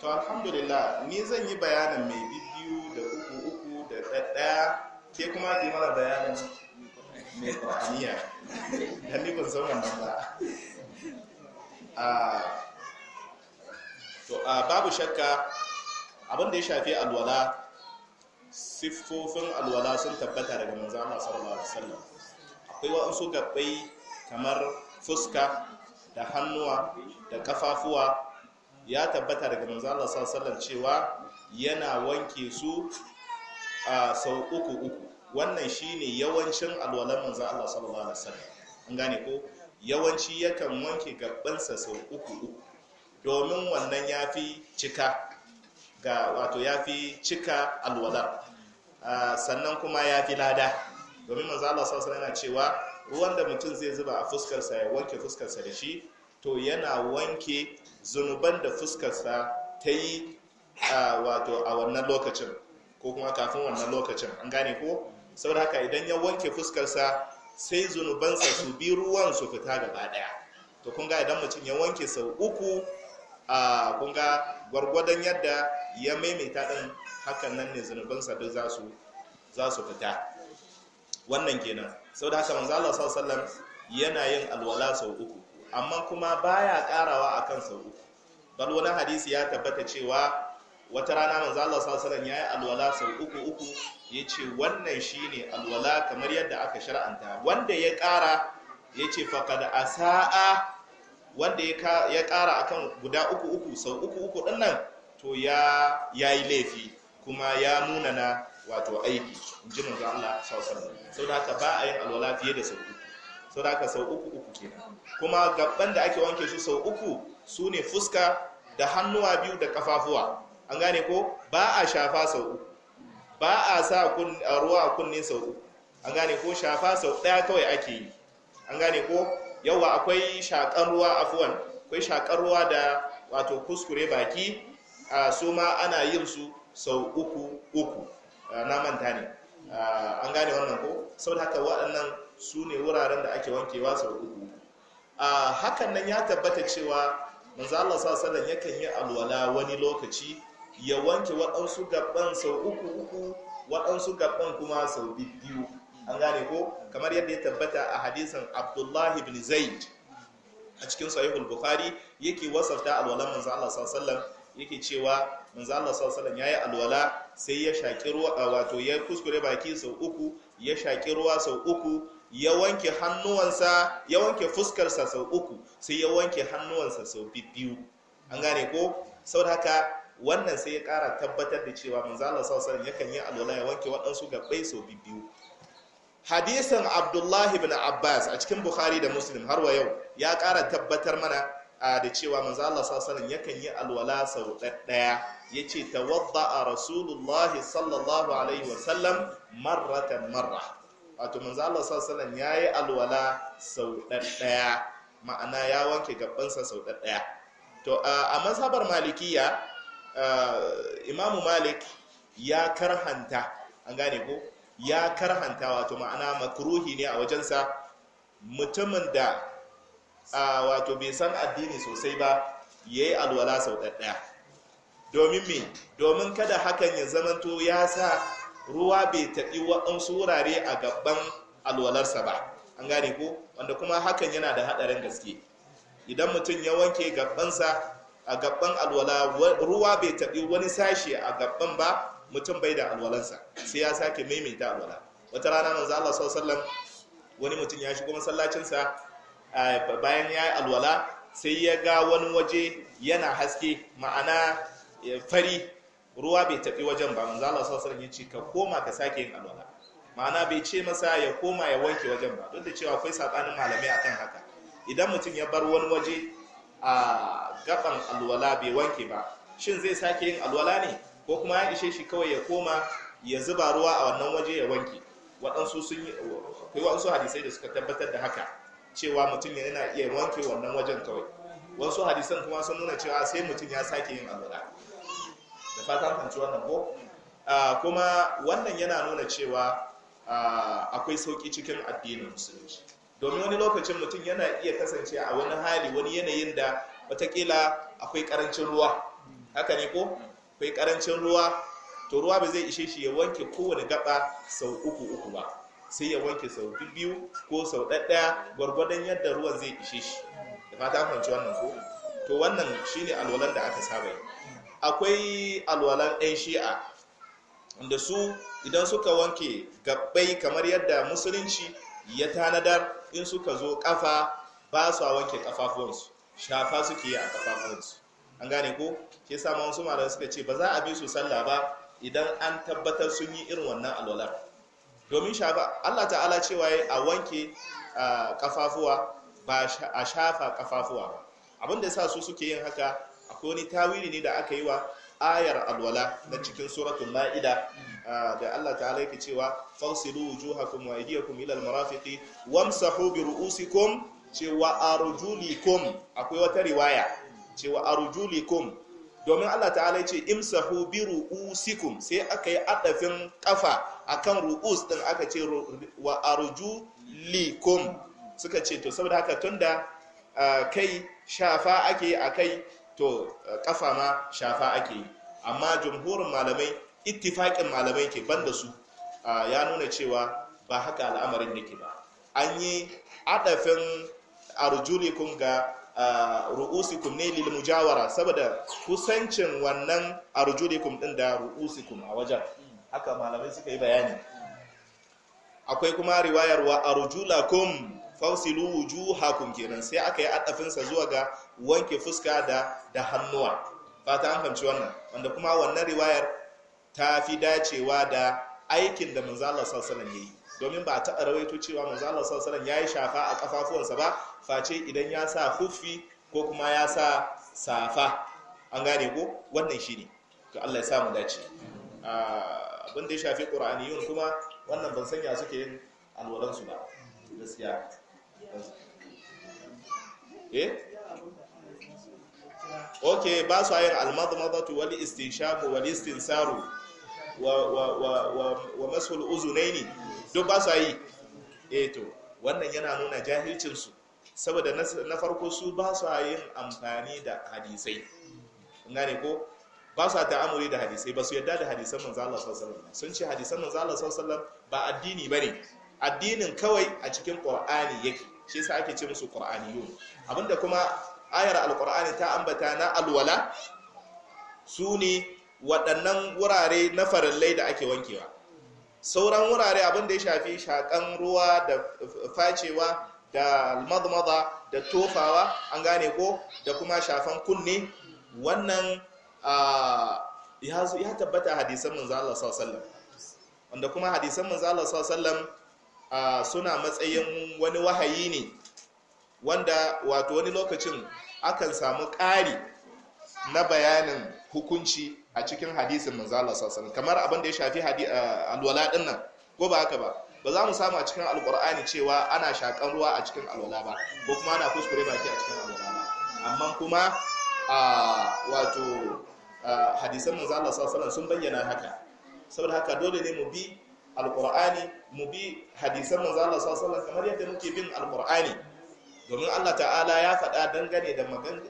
to alhamdulillah ni zan yi bayanin mai biyu da uku uku da ɗaɗɗaya ke kuma ke mara bayanin mai ƙur'aniya da ni ban san nan ba to babu shakka abin da ya shafi alwala siffofin alwala sun tabbata daga manzo Allah sallallahu alaihi wasallam akwai wasu gabbai kamar fuska da hannuwa da kafafuwa ya tabbata daga manzo Allah sallallahu alaihi wasallam cewa yana wanke su a sau uku uku wannan shine yawancin alwalan manzo Allah sallallahu alaihi wasallam an gane ko yawanci yakan wanke gabbansa sau uku uku domin wannan ya fi cika ga wato ya fi cika alwalar ah, sannan kuma ya fi lada domin manzo Allah sallallahu alaihi yana cewa ruwan da mutum zai zuba a fuskarsa ya wanke fuskarsa da shi to yana wanke zunuban da fuskarsa ta yi ah, wato a wannan lokacin ko kuma kafin wannan lokacin an gane ko saboda haka idan ya wanke fuskarsa sai zunubansa su bi ruwan su fita gaba daya to kun ga idan mutum ya wanke sau uku a ah, kun ga gwargwadon yadda ya maimaita ɗin hakan nan ne zunubinsa duk za su fita wannan kenan sau da haka manzo Allah sallallahu yana yin alwala sau uku amma kuma baya karawa akan sau uku bal wani hadisi ya tabbata cewa wata rana manzo Allah sallallahu alaihi yayi alwala sau uku uku yace wannan shine alwala kamar yadda aka shar'anta wanda ya kara yace faqad asaa wanda ya kara akan guda uku uku sau uku uku nan. to ya yayi laifi kuma ya nuna na wato aiki ji manzo Allah sallallahu alaihi wasallam saboda haka ba a yin alwala fiye da sau uku saboda haka sau uku uku kenan kuma gaban da ake wanke su sau uku su ne fuska da hannuwa biyu da kafafuwa an gane ko ba a shafa sau uku ba a sa ruwa a kunne sau uku an gane ko shafa sau ɗaya kawai ake yi an gane ko yawa akwai shakan ruwa afuwan akwai shakan ruwa da wato kuskure baki su ma ana yin su sau uku uku na manta ne an gane wannan ko saboda haka waɗannan su ne wuraren da ake wankewa sau uku hakan nan ya tabbata cewa manzo Allah sallallahu yakan yi alwala wani lokaci ya wanke waɗansu gaban sau uku uku waɗansu gaban kuma sau biyu an gane ko kamar yadda ya tabbata a hadisin Abdullah ibn Zaid a cikin sahihul Bukhari yake wasafta alwalan manzo Allah sallallahu yake cewa manzo Allah sallallahu alaihi yayi alwala sai ya shaki ruwa wato ya kuskure baki sau uku ya shaki ruwa sau uku ya wanke hannuwansa ya wanke fuskarsa sau uku sai ya wanke hannuwansa sau biyu an gane ko saboda haka wannan sai ya kara tabbatar da cewa manzo Allah sallallahu alaihi yakan yi alwala ya wanke waɗansu gabbai sau biyu hadisin abdullahi ibn abbas a cikin bukhari da muslim har wa yau ya kara tabbatar mana da cewa manzo Allah sallallahu yakan yi alwala sau ɗaya yace tawadda a rasulullahi sallallahu alaihi wasallam marratan marra wato manzo Allah sallallahu yayi alwala sau ɗaya ma'ana ya wanke gabansa sau ɗaya to a mazhabar malikiya imamu malik ya karhanta an gane ko ya karhanta wato ma'ana makruhi ne a wajensa mutumin da wato bai san addini sosai ba ya yi alwala sau ɗaya. domin me domin kada hakan ya zamanto ya sa ruwa bai taɓi waɗansu wurare a gaban alwalarsa ba an gane ko wanda kuma hakan yana da haɗarin gaske idan mutum ya wanke gabansa a gaban alwala ruwa bai taɗi wani sashe a gaban ba mutum bai da alwalarsa sai ya sake maimaita alwala wata rana manzo Allah sallallahu alaihi wani mutum ya shigo masallacinsa bayan ya yi alwala sai ya ga wani waje yana haske ma'ana eh, fari ruwa bai tafi wajen ba manzo Allah sallallahu alaihi wasallam ka koma ka sake yin alwala ma'ana bai ce masa ya koma ya wanke wajen ba duk da cewa akwai sabanin malamai akan haka idan mutum ya bar wani waje a gaban alwala bai wanke ba shin zai sake yin alwala ne ko kuma ya ishe shi kawai ya koma ya zuba ruwa a wannan waje ya wanke waɗansu sun yi akwai waɗansu hadisai da suka tabbatar da haka cewa mutum yana iya wanke wannan wajen kawai wasu hadisan kuma sun nuna cewa sai mutum ya sake yin alwala da fatan kanci wannan ko kuma wannan yana nuna cewa akwai sauki cikin addinin musulunci domin wani lokacin mutum yana iya kasance a wani hali wani yanayin da watakila akwai karancin ruwa haka ne ko akwai karancin ruwa to ruwa ba zai ishe shi ya wanke kowane gaba sau uku uku ba sai ya wanke sau biyu ko sau ɗaɗɗaya gwargwadon yadda ruwan zai ishe shi da fata fahimci wannan ko to wannan shine alwalan da aka saba akwai alwalan ɗan shi'a da su idan suka wanke gabbai kamar yadda musulunci ya tanadar in suka zo kafa ba su wanke kafafuwansu shafa suke yi a kafafuwansu an gane ko ke sama wasu malamai suka ce ba za a bi su sallah ba idan an tabbatar sun yi irin wannan alwalar domin shafa Allah ta'ala cewa ya a wanke kafafuwa ba a shafa kafafuwa ba abinda yasa su suke yin haka akwai wani tawiri ne da aka yi wa ayar alwala na cikin suratun ma'ida da Allah ta'ala yake cewa fawsilu wujuhakum wa aydiyakum ila almarafiqi wamsahu bi ru'usikum cewa arjulikum akwai wata riwaya cewa arjulikum domin Allah ta'ala ya ce imsahu bi ru'usikum sai aka yi adafin kafa akan ru'us din aka ce wa arju likum suka ce to saboda haka tunda kai shafa ake a kai to kafa ma shafa ake yi amma jumhurin malamai ittifaƙin malamai ke banda su ya nuna cewa ba haka al'amarin yake ba an yi adafin arjulikum ga ru'usikum ne lil mujawara saboda kusancin wannan arjulikum din da ru'usikum a wajen haka malamai suka yi bayani akwai kuma riwayar wa arjulakum fawsilu wujuhakum kenan sai aka yi addafinsa zuwa ga wanke fuska da da hannuwa fata an fahimci wannan wanda kuma wannan riwayar ta fi dacewa da aikin da manzo Allah sallallahu alaihi wasallam yayi domin ba ta rawaito cewa manzo Allah sallallahu alaihi wasallam yayi shafa a kafafuwansa ba face idan ya sa huffi ko kuma ya sa safa an gane ko wannan shi ne ga Allah ya samu dace ah, abin da ya shafi ƙura'aniyun kuma wannan ban sanya suke yin alwalansu ba gaskiya eh ok ba su yin almadmadatu wal istinshaku wal istinsaru wa wa wa wa masul uzunaini duk ba su yi eh to wannan yana nuna jahilcin su saboda na farko su ba sa yin amfani da hadisai gane ko ba sa amuri da hadisai ba su yadda da hadisan manzo Allah sallallahu alaihi wasallam sun ce hadisan manzo Allah sallallahu alaihi wasallam ba addini bane addinin kawai a cikin qur'ani yake shi yasa ake ce musu qur'aniyun abinda kuma ayar alqur'ani ta ambata na alwala su ne waɗannan wurare na farillai da ake wankewa sauran wurare abinda ya shafi shakan ruwa da facewa da almadmada da tofawa an gane ko da kuma shafan kunne wannan ya tabbata hadisan manzo Allah sallallahu wanda kuma hadisan manzo Allah sallallahu suna matsayin wani wahayi ne wanda wato wani lokacin akan samu ƙari na bayanin hukunci a cikin hadisin manzo Allah sallallahu kamar abin da ya shafi alwala din nan ko ba haka ba ba za mu samu a cikin alkur'ani cewa ana shakan ruwa a cikin alwala ba ko kuma ana kuskure baki a cikin alwala ba amma kuma a wato hadisan manzo Allah sallallahu sun bayyana haka saboda haka dole ne mu bi alkur'ani mu bi hadisan manzo Allah sallallahu kamar yadda muke bin alkur'ani domin Allah ta'ala ya faɗa dangane da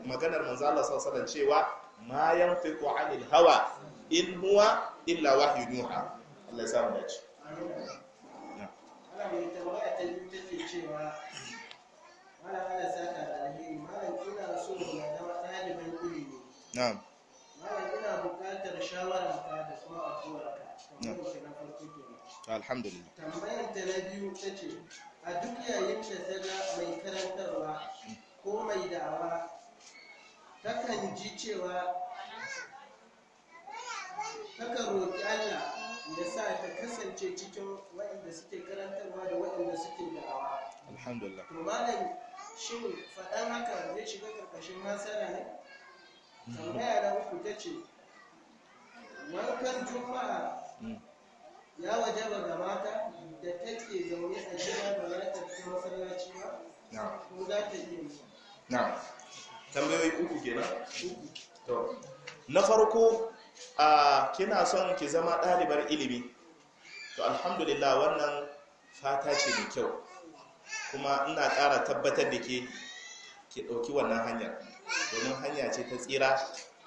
maganar manzo Allah sallallahu cewa ma yanfiqu 'anil hawa in huwa illa wahyu yuha Allah ya samu dace da ita magana ta yi. take cewa malam Allah saka alheri malam ina so na zama ɗaliban ilimi na'am malam ina buƙatar shawararka da kuma addu'arka kamar da na farko kenan alhamdulillah tambayar ta na biyu ce. a duk yayin da ta ga mai karantarwa ko mai da'awa takan ji cewa takan roƙi Allah ya sa ta kasance cikin waɗanda suke karantarwa da waɗanda suke da'awa alhamdulillah to shi shin faɗan haka zai shiga karkashin nasara ne mm-hmm. tambaya na uku ta ce wankan juma'a mm. ya wajaba ga mata da take zaune a gida ba za ta fita masallaci ba ko za ta yi na tambayoyi uku kenan to na farko a kina son ki zama ɗalibar ilimi to alhamdulillah wannan fata ce mai kyau kuma ina ƙara tabbatar da ke ki ɗauki wannan hanyar domin hanya ce ta tsira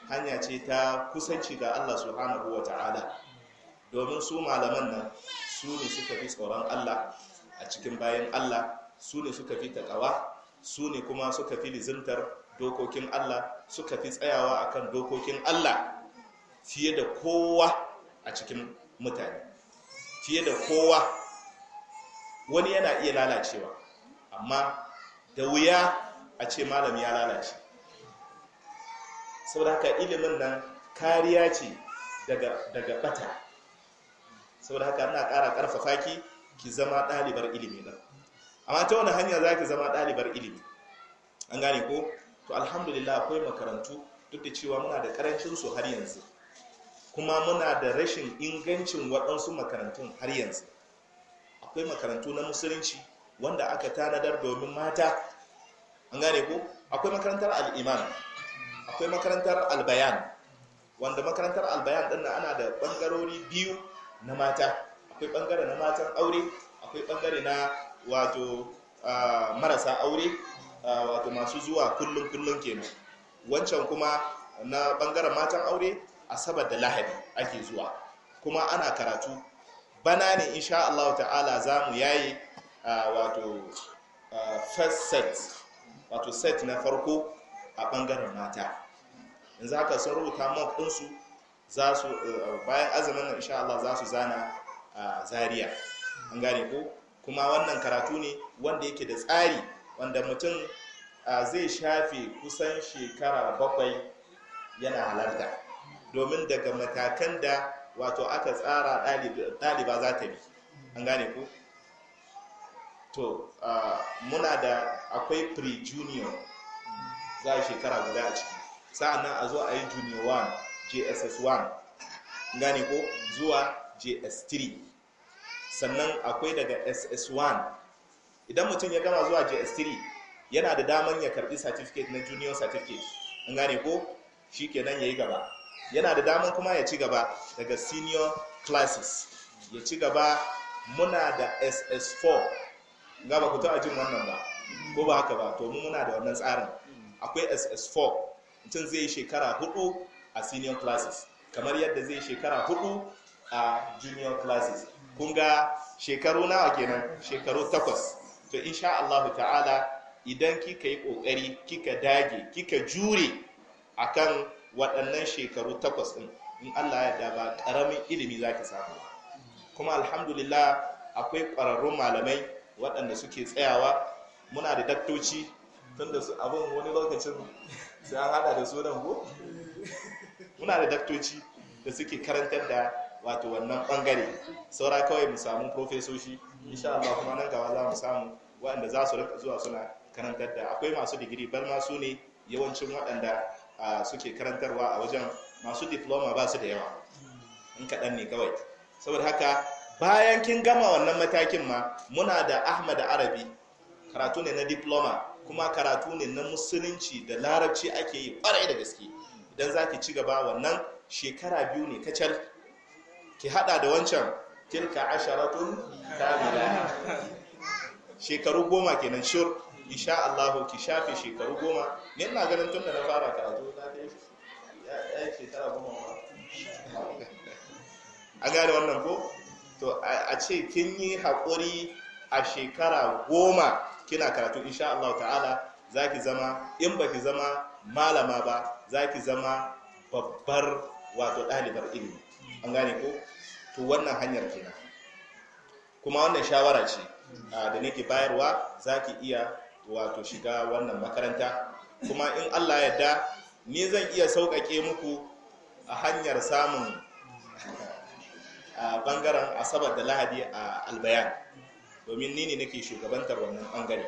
hanya ce ta kusanci ga Allah subhanahu wa ta'ala domin su malaman nan su ne suka fi tsoron Allah a cikin bayan Allah su ne suka fi takawa su ne kuma suka fi lizimtar dokokin Allah suka fi tsayawa akan dokokin Allah fiye da kowa a cikin mutane fiye da kowa wani yana iya lalacewa amma da wuya a ce malam ya lalace saboda haka ilimin nan kariya ce daga bata saboda haka ana ƙara ƙarfafa ki ki zama ɗalibar ilimi ɗan amma ta wani hanya za ki zama ɗalibar ilimi an gane ko to alhamdulillah akwai makarantu duk da cewa muna da ƙarancin su har yanzu kuma muna da rashin ingancin waɗansu makarantun har yanzu akwai makarantu na musulunci wanda aka tanadar domin mata an gane ko akwai makarantar al'iman akwai makarantar albayan wanda makarantar albayan ɗin ana da ɓangarori biyu na mata akwai ɓangare na matan aure akwai ɓangare na wato marasa aure wato masu zuwa kullum kullum kenan wancan kuma na ɓangaren matan aure asabar da lahadi ake zuwa kuma ana karatu bana ne insha Allah ta'ala za mu yayi wato first set wato set na farko a bangaren mata za haka sun rubuta mock ɗinsu za su bayan azumin nan insha Allah za su zana zaria an gane ko kuma wannan karatu ne wanda yake da tsari wanda mutum zai shafe kusan shekara bakwai yana halarta domin daga matakan da wato aka tsara ɗaliba za ta bi an gane ku to muna da akwai pre-junior za a shekara guda a ciki sa'annan a zo a yi junior 1 jss 1 gane ko zuwa js3 sannan akwai daga ss1 idan mutum ya gama zuwa js3 yana da daman ya karbi certificate na junior certificate an gane ko shi kenan ya yi gaba yana da daman kuma ya ci gaba daga senior classes ya ci gaba muna da ss4 ga ba ku taɓa jin wannan ba ko ba haka ba to muna da wannan tsarin akwai ss4 mutum zai yi shekara hudu a senior classes kamar yadda zai shekara hudu a junior classes kun ga shekaru nawa kenan shekaru takwas to insha Allah ta'ala idan kika yi kokari kika dage kika jure akan waɗannan shekaru takwas ɗin in allah ya da ba ƙaramin ilimi za ki samu kuma alhamdulillah akwai ƙwararrun malamai waɗanda suke tsayawa muna da daktoci tun da abin wani lokacin sai an hada da sunan ko muna da daktoci da suke karantar da wato wannan ɓangare, saura kawai mu samu profesoshi insha Allah kuma nan gaba za mu samu waɗanda za su rika zuwa suna karantar da akwai masu digiri bar ma su ne yawancin waɗanda suke karantarwa a wajen masu diploma ba su da yawa in kaɗan ne kawai saboda haka bayan kin gama wannan matakin ma muna da ahmad arabi karatu ne na diploma kuma karatu ne na musulunci da larabci ake yi ƙwarai da gaske idan za ki ci gaba wannan shekara biyu ne kacal ki hada da wancan tilka asharatun kamila shekaru goma kenan shur insha Allah ki shafe shekaru goma ne ina ganin tun da na fara karatu na kai ya yi shekara goma ba a gane wannan ko to a ce kin yi haƙuri a shekara goma kina karatu insha Allah ta'ala za ki zama in ba ki zama malama ba za ki zama babbar wato ɗalibar ilimi an gane ko to wannan hanyar kina. kuma wannan shawara ce da nake bayarwa za ki iya wato shiga wannan makaranta kuma in allah yadda ni zan iya sauƙaƙe muku a hanyar samun a bangaren asabar da lahadi a albayan domin ni ne nake shugabantar wannan bangare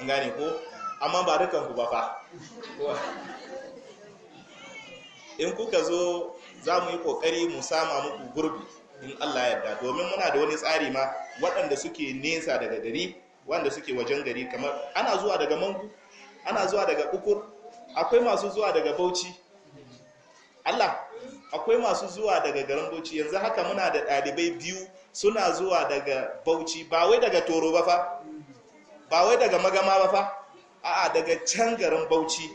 an gane ko amma ba dukan ba fa in kuka zo za mu yi kokari mu sama muku gurbi in allah yadda domin muna da wani tsari ma waɗanda suke nesa daga gari wanda suke wajen gari kamar ana zuwa daga mangu ana zuwa daga ukur akwai masu zuwa daga bauchi Allah akwai masu zuwa daga garin bauchi yanzu haka muna da ɗalibai biyu suna zuwa daga bauchi ba wai daga toro ba fa ba wai daga magama ba fa a'a daga can garin bauchi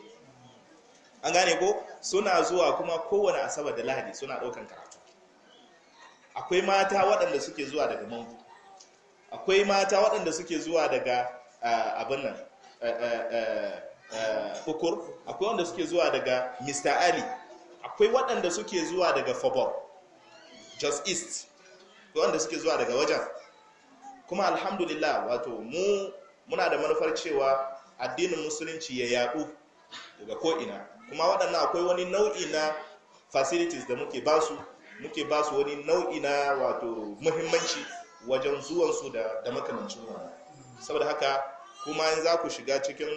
an gane ko suna zuwa kuma kowane asabar da lahadi suna ɗaukan karatu akwai mata waɗanda suke zuwa daga mangu akwai mata waɗanda suke zuwa daga abin nan fukur akwai wanda suke zuwa daga mr ali akwai waɗanda suke zuwa daga fobor just east akwai wanda suke zuwa daga wajen kuma alhamdulillah wato mu muna da manufar cewa addinin musulunci ya yaɗu daga ko'ina kuma waɗannan akwai wani nau'i na facilities da muke basu muke basu wani nau'i na wato muhimmanci wajen zuwansu da makamancin wannan saboda haka kuma in za ku shiga cikin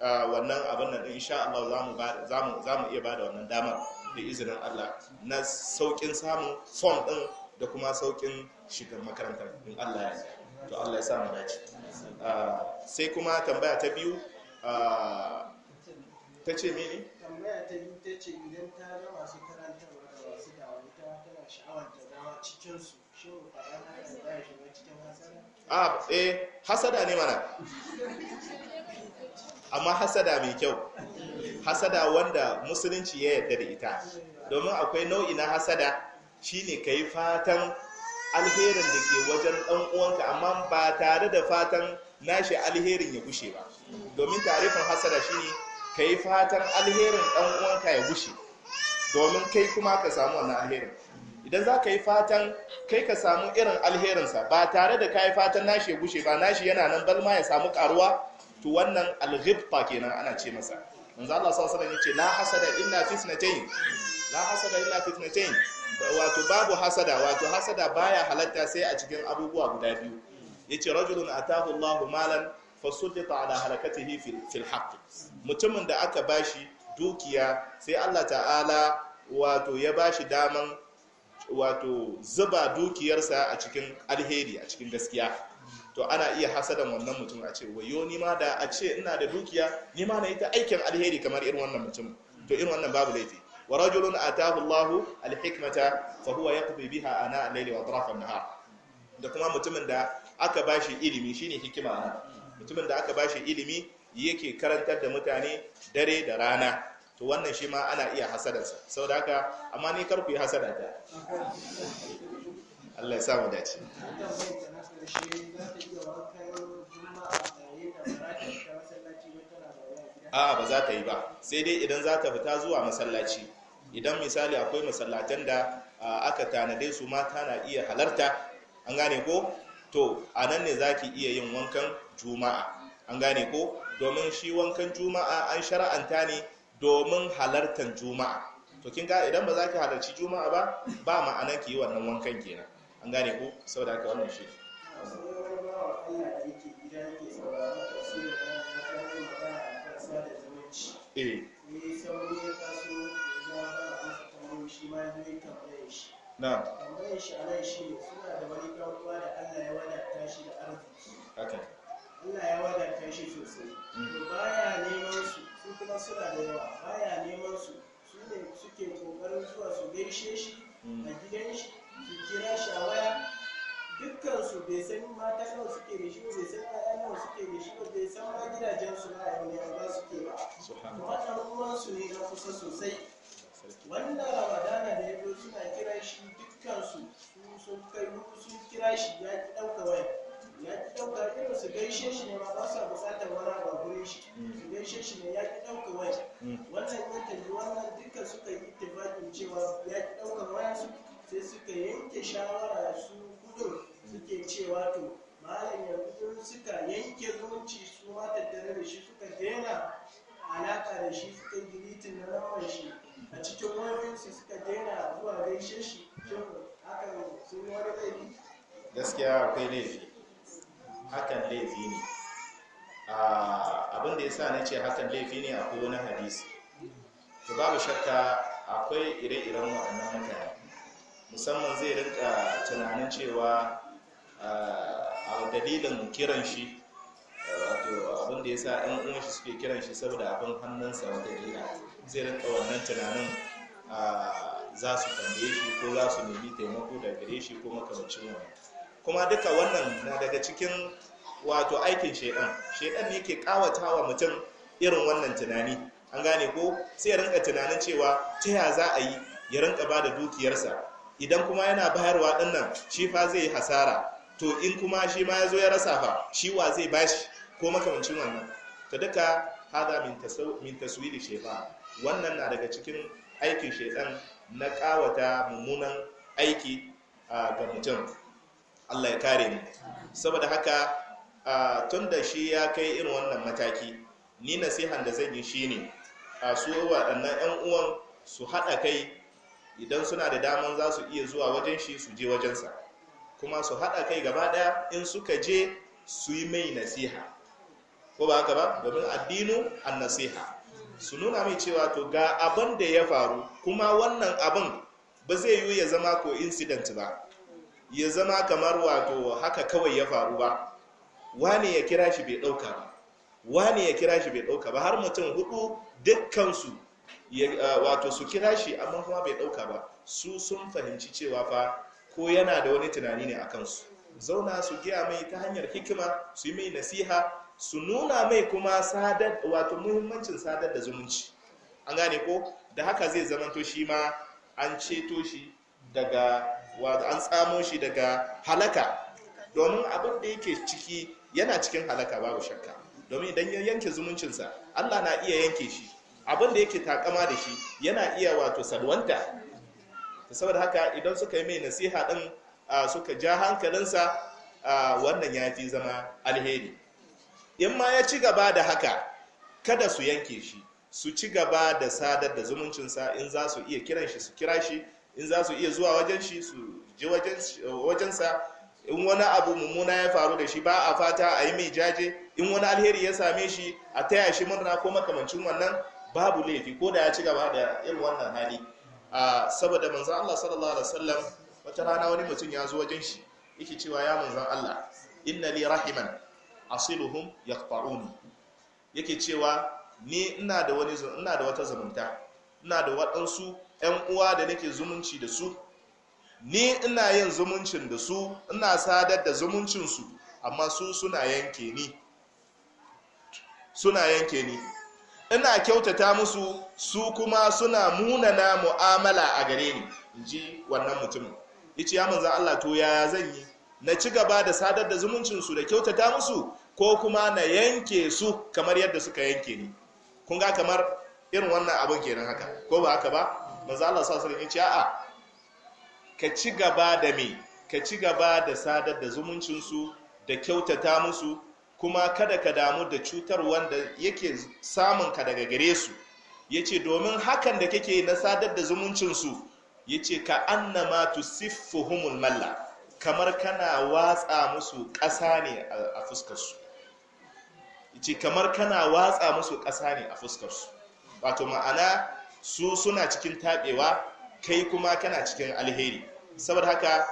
wannan abin nan din insha Allah za mu iya bada wannan damar da izinin Allah na saukin samun form din da kuma saukin shigar makarantar in Allah ya to Allah ya sa mu dace sai kuma tambaya ta biyu ta ce mene tambaya ta biyu ta ce idan ta ga masu karantarwa da masu dawo ta tana sha'awar ta zama cikin su Ah, eh, hasada ne mana amma hasada mai kyau hasada wanda musulunci ya yarda da ita domin akwai nau'i na hasada shine ka yi fatan alherin da ke wajen ɗan uwanka amma ba tare da fatan nashi alherin ya gushe ba domin tarifin hasada shine ka yi fatan alherin ɗan uwanka ya gushe domin kai kuma ka samu wannan alherin idan za ka yi fatan kai ka samu irin alherinsa ba tare da ka yi fatan nashi ya gushe ba nashi yana nan balma ya samu karuwa to wannan alghibta kenan ana ce masa manzo Allah sallallahu alaihi wasallam yace la hasada illa fitnatayn la hasada illa fitnatayn wato babu hasada wato hasada baya halatta sai a cikin abubuwa guda biyu yace rajulun atahu Allahu malan fasuddita ala halakatihi fil haqq mutumin da aka bashi dukiya sai Allah ta'ala wato ya bashi daman wato zuba dukiyarsa a cikin alheri a cikin gaskiya to ana iya hasadan wannan mutum a ce wayo ni ma da a ce ina da dukiya ni ma na yi ta aikin alheri kamar irin wannan mutum to irin wannan babu laifi wa rajulun atahu Allahu al-hikmata fa huwa yaqdi biha ana al-layli wa atraf an-nahar da kuma mutumin da aka bashi ilimi shine hikima mutumin da aka bashi ilimi yake karantar da mutane dare da rana to wannan shi ma ana iya hasadarsa sau da haka amma ni kar ku yi hasada Allah ya samu dace a ba za ta yi ba sai dai idan za ta fita zuwa masallaci idan misali akwai masallatan da aka tanade su mata na iya halarta an gane ko to a nan ne za ki iya yin wankan juma'a an gane ko domin shi wankan juma'a an shara'anta ne domin halartar juma'a to kin ga idan ba za ki halarci juma'a ba ba ma'anar ki yi wannan wankan kenan an gane ko saboda haka wannan shi eh. na shi a nan shi suna da wani ɗan da Allah ya wadata shi da arziki Allah ya wadanta shi sosai to baya neman su su kuma suna da yawa baya neman su su ne suke kokarin zuwa su gaishe shi mm. a gidan shi su kira shi a waya dukkan su bai san mata nawa suke da shi bai san ƴaƴa nawa suke da shi bai san ma gidajen su na ayyuka ne ba suke ba to wannan ruwan su ne na kusa sosai Wannan ramadana da ya zo suna kira shi dukkan su sun kai sun kira shi ya ki ɗauka waya ya ki ɗauka irin su gaishe shi ne ma ba sa buƙatar wani abu gurin shi su gaishe shi ne ya ki ɗauka waya hmm. wannan ya tafi wannan dukkan suka yi tafakin cewa ya ki ɗauka waya su sai suka yanke shawara su gudun suke cewa to malam yanzu suka yanke zumunci su ma tattare da shi suka daina alaƙa da shi suka giritin na lawan shi a cikin wayoyinsu suka daina zuwa gaishe shi shin hakan sun wani laifi gaskiya akwai laifi hakan laifi ne abin ya sa na ce hakan laifi ne a kowane hadisi to babu shakka akwai ire-iren waɗannan mutane musamman zai rinka tunanin cewa a dalilin kiran shi wato abin ya sa ɗan uwan shi suke kiran shi saboda abin hannunsa wata gina zai rinka wannan tunanin za su tambaye shi ko za su nemi taimako da gare shi ko makamacin wani kuma duka wannan na daga cikin wato aikin shaidan shaidan ne ke kawata wa mutum irin wannan tunani an gane ko sai ya rinka tunanin cewa ta ya za a yi ya rinka ba da dukiyarsa idan kuma yana bayarwa dinnan shi fa zai yi hasara to in kuma shi ma ya zo ya rasa fa shi wa zai bashi ko makamancin wannan ta duka hada min taswiri shefa wannan na daga cikin aikin shaidan na kawata mummunan aiki ga mutum Allah ya kare mu saboda haka tun da shi ya kai irin wannan mataki ni nasihan da zan yi shine a su waɗannan 'yan uwan su haɗa kai idan suna da daman za su iya zuwa wajen shi su je wajensa kuma su haɗa kai gaba ɗaya in suka je su yi mai nasiha ko ba haka ba domin addinu an nasiha su nuna mai cewa to ga abin da ya faru kuma wannan abin ba zai yiwu ya zama ko incident ba ya zama kamar wato haka kawai ya faru ba wani ya kira shi bai ɗauka ba wane ya kira shi bai ɗauka ba har mutum hudu dukkansu wato su kira shi amma kuma bai ɗauka ba su sun fahimci cewa fa ko yana da wani tunani ne a kansu zauna su giya mai ta hanyar hikima su yi mai nasiha su nuna mai kuma sadar wato muhimmancin sadar da zumunci an gane ko da haka zai zamanto shi ma an ceto shi daga wato an tsamo shi daga halaka domin abin da yake ciki yana cikin halaka babu shakka domin idan ya yanke zumuncinsa Allah na iya yanke shi abin da yake takama da shi yana iya wato salwanta saboda haka idan suka yi mai nasiha din suka ja hankalinsa wannan ya fi zama alheri in ma ya ci gaba da haka kada su yanke shi su ci gaba da sadar da zumuncinsa in za su iya kiran shi su kira shi in za su iya zuwa wajen shi su ji wajensa in wani abu mummuna ya faru da shi ba a fata a yi mai jaje in wani alheri ya same shi a taya shi murna ko makamancin wannan babu laifi ko da ya ci gaba da irin wannan hali saboda manzan Allah sallallahu alaihi wasallam wata rana wani mutum ya zo wajen shi yake cewa ya manzan Allah inna li rahiman asiluhum yaqta'uni yake cewa ni ina da wani ina da wata zumunta ina da waɗansu 'yan uwa da nake zumunci da su ni ina yin zumuncin da su ina sadar da zumuncinsu amma su suna yanke ni suna yanke ni ina kyautata musu su kuma suna munana mu'amala a gare ni in ji wannan mutumin yace ya manzan Allah to yaya zan yi na ci gaba da sadar da zumuncinsu da kyautata musu ko kuma na yanke su kamar yadda suka yanke ni kun ga kamar irin wannan abin kenan haka ko ba haka ba Maza Allah sallallahu alaihi wasallam ce a'a ka ci gaba da me ka ci gaba da sadar da zumuncinsu da kyautata musu kuma kada ka damu da cutar wanda yake samun ka daga gare su yace domin hakan da kake na sadar da zumuncinsu yace ka annama tusiffuhumul malla kamar kana watsa musu ƙasa ne a fuskarsu yace kamar kana watsa musu ƙasa ne a fuskarsu wato ma'ana su suna cikin taɓewa kai kuma kana cikin alheri saboda haka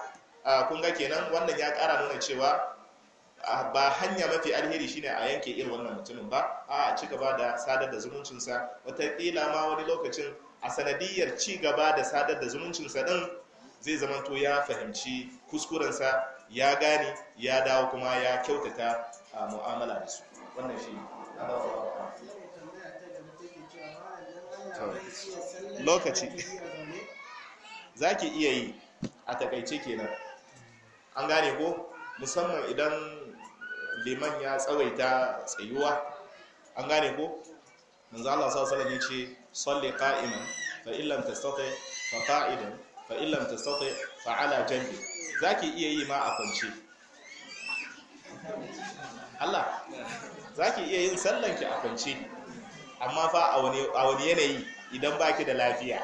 kun ga kenan wannan ya ƙara nuna cewa ba hanya mafi alheri shine a yanke irin wannan mutumin ba a ci gaba da sadar da zumuncinsa wataƙila ma wani lokacin a sanadiyar ci gaba da sadar da zumuncinsa ɗin zai zamanto ya fahimci kuskurensa ya gane ya dawo kuma ya kyautata mu'amala da su wannan shi lokaci za ki iya yi a takaice kenan an gane ko musamman idan liman ya tsawaita tsayuwa an gane ko manzo Allah sallallahu alaihi wasallam yace salli qa'iman fa illam tastati fa qa'idan fa illam tastati fa ala janbi zaki iya yi ma a kwance Allah zaki iya yin sallanki a kwance amma fa a wani yanayi idan baki da lafiya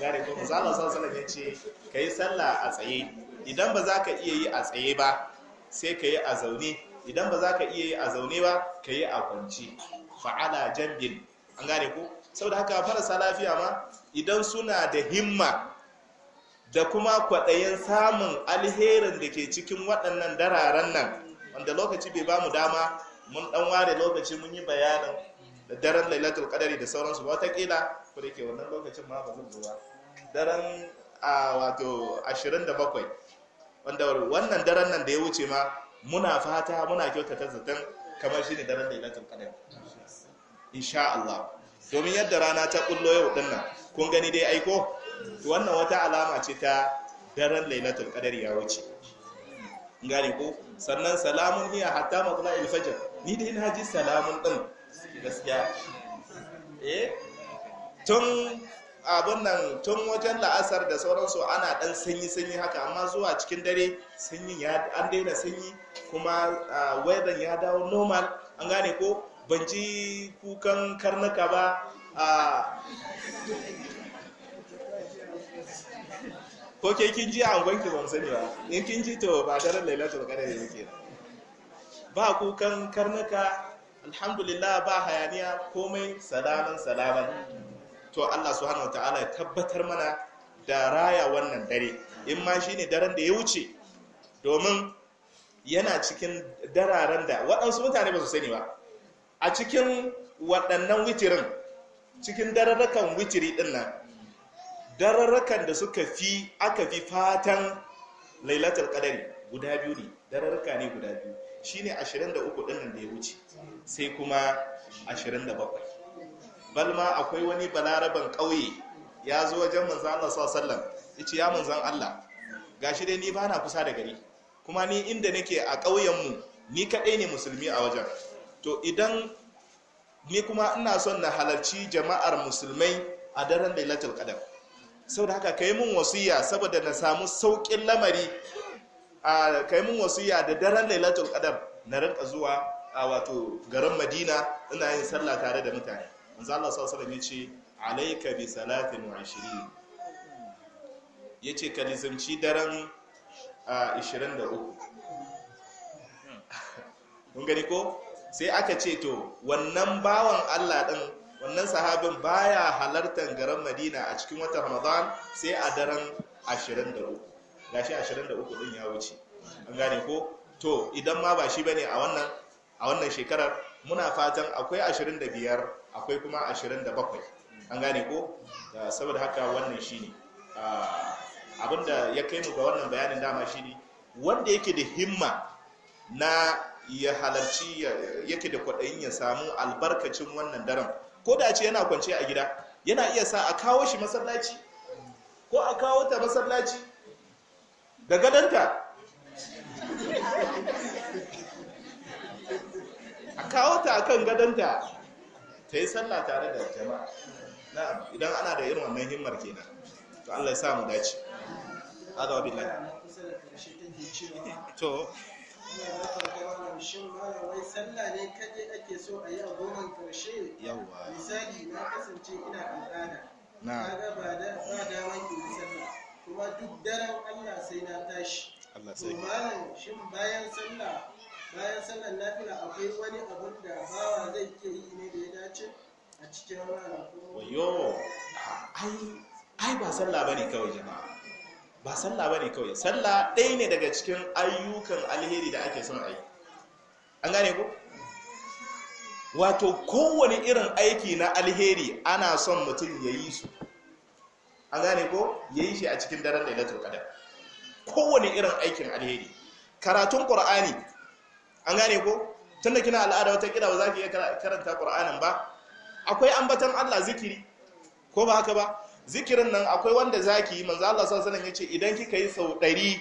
gane ko misalin sallallahu ya ce ka yi sallah a tsaye idan ba za ka iya yi a tsaye ba sai ka yi a zaune idan ba za ka iya yi a zaune ba ka yi a kwanci fa'ala jambin an gane ko saboda haka marasa lafiya ma idan suna da himma da kuma kwaɗayin samun alherin da ke cikin waɗannan dararen nan wanda lokaci bai bamu dama mun ɗan ware lokaci mun yi bayanin da daren lailatul kadari da sauransu ba watakila ko da ke wannan lokacin ma ba zan zo ba daren a wato 27 wanda wannan daren nan da ya wuce ma muna fata muna kyautata zaton kamar shine daren lailatul kadari insha Allah domin yadda rana ta kullo yau din nan kun gani dai aiko wannan wata alama ce ta daren lailatul kadari ya wuce gane ko sannan salamun hiya hatta matla'il fajr ni dai na ji salamun din gaskiya eh tun abun nan tun wajen la'asar da sauransu ana dan sanyi-sanyi haka amma zuwa cikin dare sanyi an daina sanyi kuma weather ya dawo normal an gane ko ban ji kukan karnuka ba ko ke kin ji a gwanki ban sani ba in kin ji to ba daren lailatul qadar yake ba kukan karnuka alhamdulillah ba hayaniya komai salaman salaman to Allah subhanahu wataala ya tabbatar mana da raya wannan dare in ma shine daren da ya wuce domin yana cikin dararen da waɗansu mutane ba su sani ba a cikin waɗannan witirin cikin dararrakan witiri ɗin nan dararrakan da suka fi aka fi fatan lailatul ƙadari guda biyu ne dararraka ne guda biyu shine 23 din da ya wuce sai kuma 27 balma akwai wani balaraban ƙauye ya zo wajen manzan Allah sallallahu alaihi wasallam ya manzan Allah gashi dai ni bana kusa da gari kuma ni inda nake a ƙauyen mu ni kadai ne musulmi a wajen to idan ni kuma ina son na halarci jama'ar musulmai a daren da qadar saboda haka kai mun wasiya saboda na samu sauƙin lamari A kai mun wasiya da daren lailatul qadar na rinka zuwa a wato garin madina ina yin sallah tare da mutane manzo Allah sallallahu alaihi wasallam yace alayka bi salatin wa ashirin yace ka nizamci daren 23 mun gani ko sai aka ce to wannan bawan Allah din wannan sahabin baya halartar garin madina a cikin watan ramadan sai a daren 23 gashi 23 din ya wuce an gane ko to idan ma ba shi bane a wannan a wannan shekarar muna fatan akwai 25 akwai kuma 27 an gane ko saboda haka wannan shine ah, abinda ya kai mu ga wannan bayanin dama shine wanda yake da himma na ya halarci yake da kwaɗayin ya samu albarkacin wannan daren ko da ce yana kwance a gida yana iya sa a kawo shi masallaci ko a kawo ta masallaci da gadanta a kawo ta a kan gadanta ta yi sallah tare da jama'a na idan ana da irin wannan himmar kenan to allah ya sa mu dace azawa billahi to shin mara wai sallah ne kaje ake so a yi a goman karshe misali na kasance ina al'ada na ga ba da ba da sallah kuma duk daren Allah sai na tashi to malam shin bayan sallah bayan sallar nafila akwai wani abun da bawa zai ke yi ne da ya dace a cikin ranakun wayo ai ba sallah bane kawai jama'a ba sallah bane kawai sallah ɗaya ne daga cikin ayyukan alheri da ake son ayi an gane ko wato kowane irin aiki na alheri ana son mutum ya yi su an gane ko yi shi a cikin daren lailatul qadar kowane irin aikin alheri karatun qur'ani an gane ko tunda kina al'ada wata kira ba za ki iya karanta qur'anin ba akwai ambatan Allah zikiri ko ba haka ba zikirin nan akwai wanda zaki yi manzo Allah sallallahu alaihi yace idan kika yi sau 100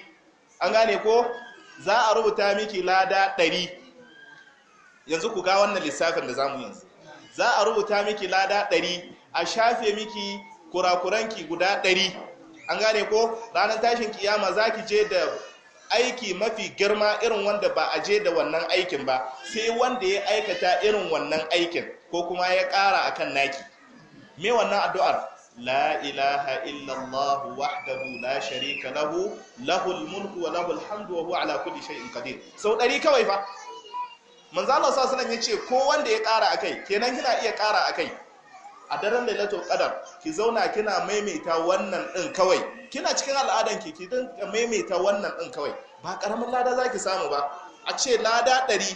an gane ko za a rubuta miki lada 100 yanzu ku ga wannan lissafin da zamu yanzu za a rubuta miki lada 100 a shafe miki kurakuranki guda ɗari an gane ko ranar tashin kiyama za ki je da aiki mafi girma irin wanda ba a je da wannan aikin ba sai wanda ya aikata irin wannan aikin ko kuma ya ƙara kan naki me wannan addu'ar la ilaha illallah wahdahu la sharika lahu lahul mulku wa lahul hamdu wa huwa ala kulli shay'in qadir sau ɗari kawai fa manzo Allah sallallahu alaihi wasallam yace ko wanda ya ƙara akai kenan kina iya ƙara akai a daren lailatul qadar ki zauna kina maimaita wannan din kawai kina cikin al'adan ki ki maimaita wannan din kawai ba karamin lada zaki samu ba a ce lada 100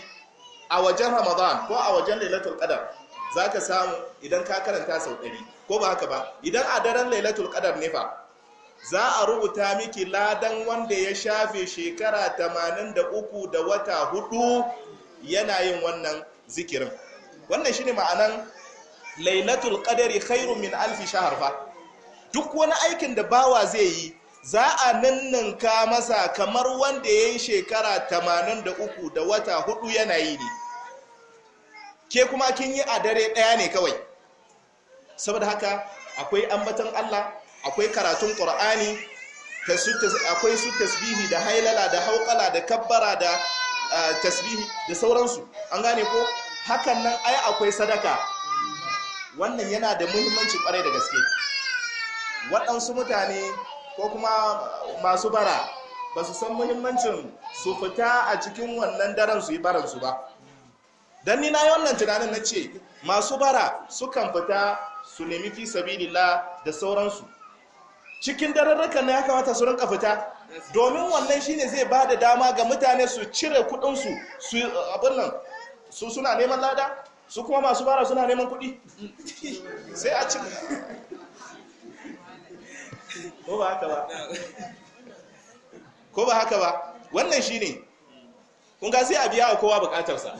a wajen ramadan ko a wajen lailatul qadar zaka samu idan ka karanta sau 100 ko ba haka ba idan a daren lailatul qadar ne fa za a rubuta miki ladan wanda ya shafe shekara 83 da wata hudu yana yin wannan zikirin wannan shine ma'anan lailatul qadari khairun min alfi shahar fa duk wani aikin da bawa zai yi za a ka masa kamar wanda ya shekara 83 da wata hudu yana yi ne ke kuma kin yi a dare ɗaya ne kawai saboda haka akwai ambaton Allah akwai karatun Qur'ani akwai su tasbihi da hailala da hauƙala da kabbara da ah, tasbihi da sauransu an gane ko hakan nan ai akwai sadaka wannan yana da muhimmanci kwarai da gaske waɗansu mutane ko kuma masu bara ba su san muhimmancin su fita a cikin wannan daren su yi baransu ba don ni na yi wannan tunanin na ce masu bara sukan fita su nemi fi sabilillah da sauransu cikin dararrukan na ya kamata su rinka fita domin wannan shine zai ba da dama ga mutane su cire kudinsu su abin nan su suna neman lada su kuma masu bara suna neman kuɗi sai a ko ba haka ba ko ba haka ba wannan shine kun ga sai a biya wa kowa bukatarsa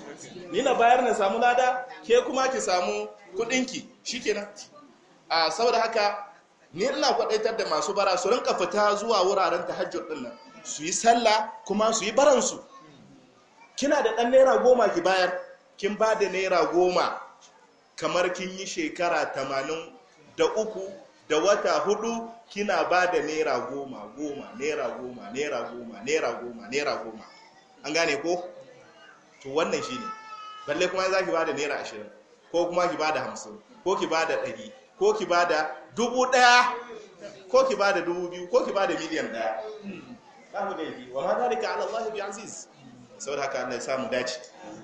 ni na bayar na samu lada ke kuma ki samu ke shikenan a saboda haka ni ina kwadaitar da masu bara su rinka fita zuwa wuraren tahajjud din nan su yi sallah kuma su yi baransu kina da ɗan naira goma ki bayar kin ba da naira goma kamar kin yi shekara tamanin da uku da wata hudu kina ba da naira goma goma naira goma naira goma naira goma naira goma an gane ko to wannan shi ne balle kuma za ki ba da naira ashirin ko kuma ki ba da hamsin ko ki ba da ɗari ko ki ba da dubu ɗaya ko ki ba da dubu biyu ko ki ba da miliyan ɗaya hmm. babu laifi wa ma zalika ala Allah bi aziz saboda haka Allah ya samu dace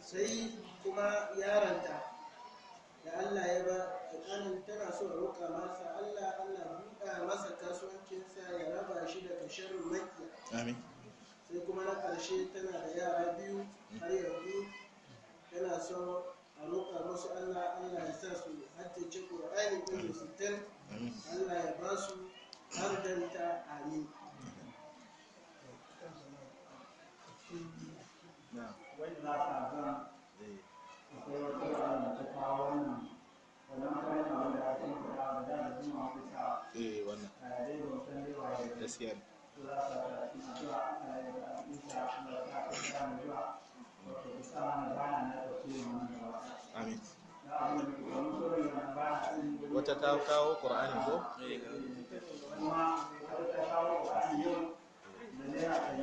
sai kuma yaranta da Allah ya ba tsakanin tana so a roƙa masa Allah Allah buɗa masa kasuwancinsa ya raba shi daga sharrin makiya sai kuma na ƙarshe tana da yara biyu har yanzu tana son a roƙa musu Allah Allah ya sa su haddace Qur'ani ɗin su Allah ya ba su har danta amin wani na sa zan akwai wata ta kawo wannan da da da ta yi da ta na ƙur'ani ko? kuma ta kawo ƙur'ani yau da naira ɗari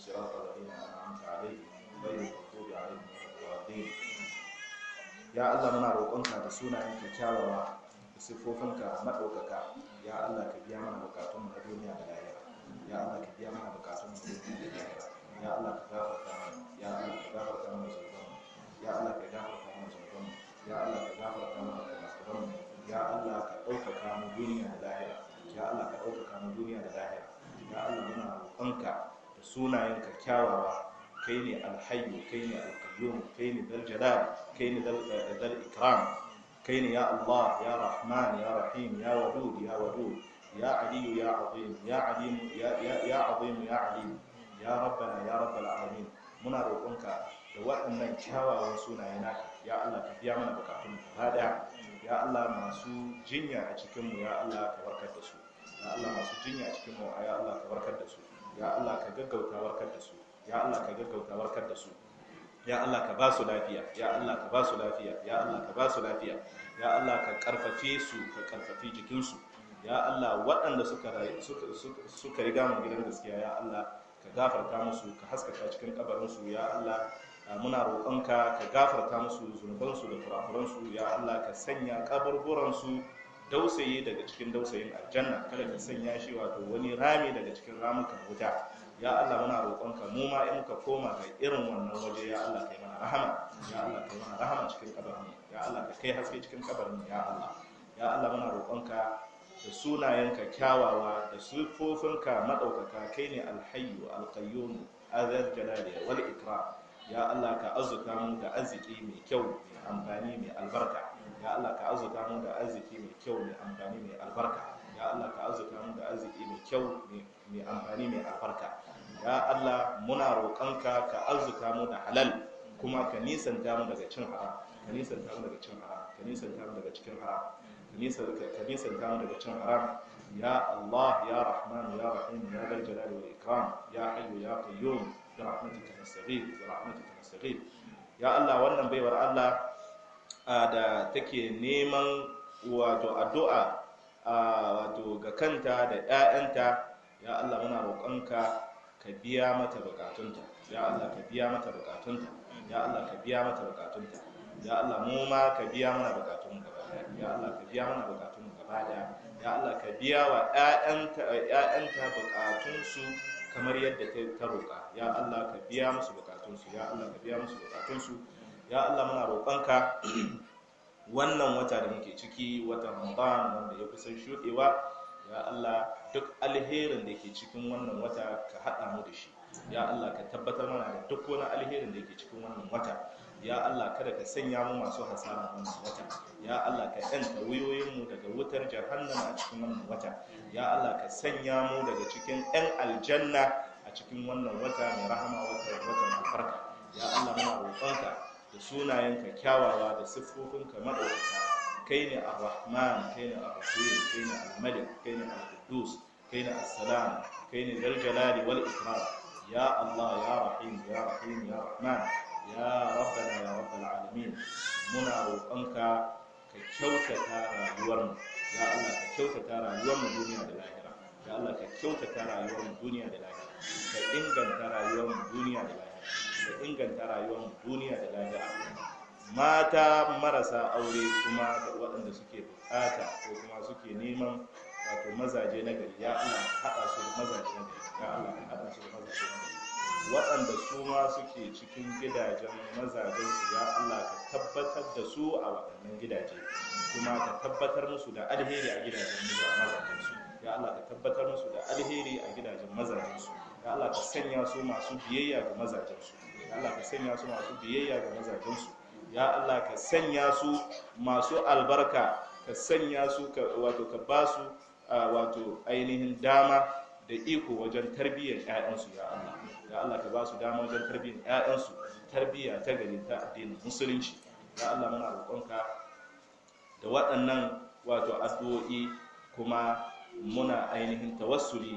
صراط الذين أنعمت عليهم غير المغضوب عليهم الضالين ya Allah muna roƙonka da sunayen kyakkyawawa da siffofinka maɗaukaka ya Allah ka biya mana bukatunmu na duniya da lahira ya Allah ka biya mana bukatunmu na duniya da lahira ya Allah ka gafarta mana ya Allah ya Allah ka gafarta mana zunubanmu ya Allah ka gafarta mana zunubanmu ya Allah ka ɗaukaka mu duniya da ya Allah ka ɗaukaka mu duniya da ya Allah muna roƙonka sunayen kyawawa kai ne alhayyu kai ne alqayyum kai ne dal jalal kai ne dal eh, eh, ikram kai ne ya allah ya rahman ya rahim ya wadud ya wadud ya aliyu ya azim ya alim ya ya azim ya alim ya rabbana ya rabbal alamin muna roƙonka da waɗannan kyawawan sunaye naka ya Allah ka biya mana bukatun mu gaba ya Allah masu jinya a cikin mu ya Allah ka barkar da su ya Allah masu jinya a cikin mu ya Allah ka barkar da su ya Allah ka gaggauta warkar da su ya Allah ka gaggauta warkar da su ya Allah ka ba su lafiya ya Allah ka ba su lafiya ya Allah ka ba su lafiya ya Allah ka karfafe su ka karfafi jikinsu ya Allah waɗanda suka riga mu gidan gaskiya ya Allah ka gafarta musu ka haskaka cikin kabarinsu ya Allah muna roƙonka ka gafarta musu zunubansu da kurakuransu ya Allah ka sanya kaburburansu dausayi daga cikin dausayin aljanna kada ka sanya shi wato wani rami daga cikin ramukan wuta ya Allah muna roƙonka mu ma in muka koma ga irin wannan waje ya Allah kai mana rahama ya Allah kai mana rahama cikin kabarin ya Allah ka kai haske cikin kabarin ya Allah ya Allah muna roƙonka da sunayenka kyawawa da sufofinka madaukaka kai ne alhayu alkayyum azar jalaliya wal ikram ya Allah ka azuka mu da arziki mai kyau mai amfani mai albarka ya Allah ka azuta mu da arziki mai kyau mai amfani mai albarka ya Allah ka azuta mu da arziki mai kyau mai amfani mai albarka ya Allah muna roƙonka ka azuta mu da halal kuma ka nisanta mu daga cin haram ka nisanta mu daga cin haram ka nisanta mu daga cikin haram ka nisanta mu daga cin haram ya Allah ya Rahman ya Rahim ya Dal Jalali wal Ikram ya Hayyu ya Qayyum bi rahmatika nastaghith bi rahmatika nastaghith ya Allah wannan baiwar Allah da take neman wato addu'a wato ga kanta da 'ya'yanta ya Allah muna roƙonka ka biya mata bukatunta ya Allah ka biya mata bukatunta ya Allah ka biya mata bukatunta ya Allah mu ma ka biya mana bukatun gaba ya Allah ka biya mana bukatun gaba daya ya Allah ka biya wa ƴaƴanta ƴaƴanta bukatun su kamar yadda ta roƙa ya Allah ka biya musu bukatun su ya Allah ka biya musu bukatun su ya Allah muna roƙonka wannan wata da muke ciki wata Ramadan wanda ya kusan shuɗewa ya Allah duk alherin da ke cikin wannan wata ka haɗa mu da shi ya Allah ka tabbatar mana da duk wani alherin da ke cikin wannan wata ya Allah kada ka sanya mu masu hasara wannan wata ya Allah ka ɗanta wuyoyinmu daga wutar jahannama a cikin wannan wata ya Allah ka sanya mu daga cikin ɗan aljanna a cikin wannan wata mai rahama wata mafarka ya Allah muna roƙonka da sunayenka kyawawa da siffofinka maɗaukaka kai ne ar-rahman kai ne ar-rahim kai ne al-malik kai ne al-quddus kai ne as-salam kai ne dal wal ikram ya allah ya rahim ya rahim ya rahman ya rabbana ya rabbal alamin muna roƙonka ka kyautata rayuwarmu ya allah ka kyautata mu duniya da lahira ya allah ka kyautata mu duniya da lahira ka inganta rayuwar mu duniya da lahira da inganta rayuwar duniya da lafiya mata marasa aure kuma da waɗanda suke bukata ko kuma suke neman wato mazaje na gari ya Allah haɗa su da mazaje na gari ya Allah haɗa su da mazaje na gari waɗanda su ma suke cikin gidajen mazajen su ya Allah ka tabbatar da su a waɗannan gidaje kuma ka tabbatar musu da alheri a gidajen mazajen su ya Allah ka tabbatar musu da alheri a gidajen mazajen su ya Allah ka sanya su masu biyayya ga mazajensu ya Allah ka sanya su masu biyayya ga mazajensu ya Allah ka sanya su masu albarka ka sanya su wato ka ba su wato ainihin dama da iko wajen tarbiyyar ƴaƴansu ya Allah ya Allah ka ba su dama wajen tarbiyyar ƴaƴansu tarbiyya ta gari ta addinin musulunci ya Allah muna roƙonka da waɗannan wato addu'o'i kuma muna ainihin tawassuli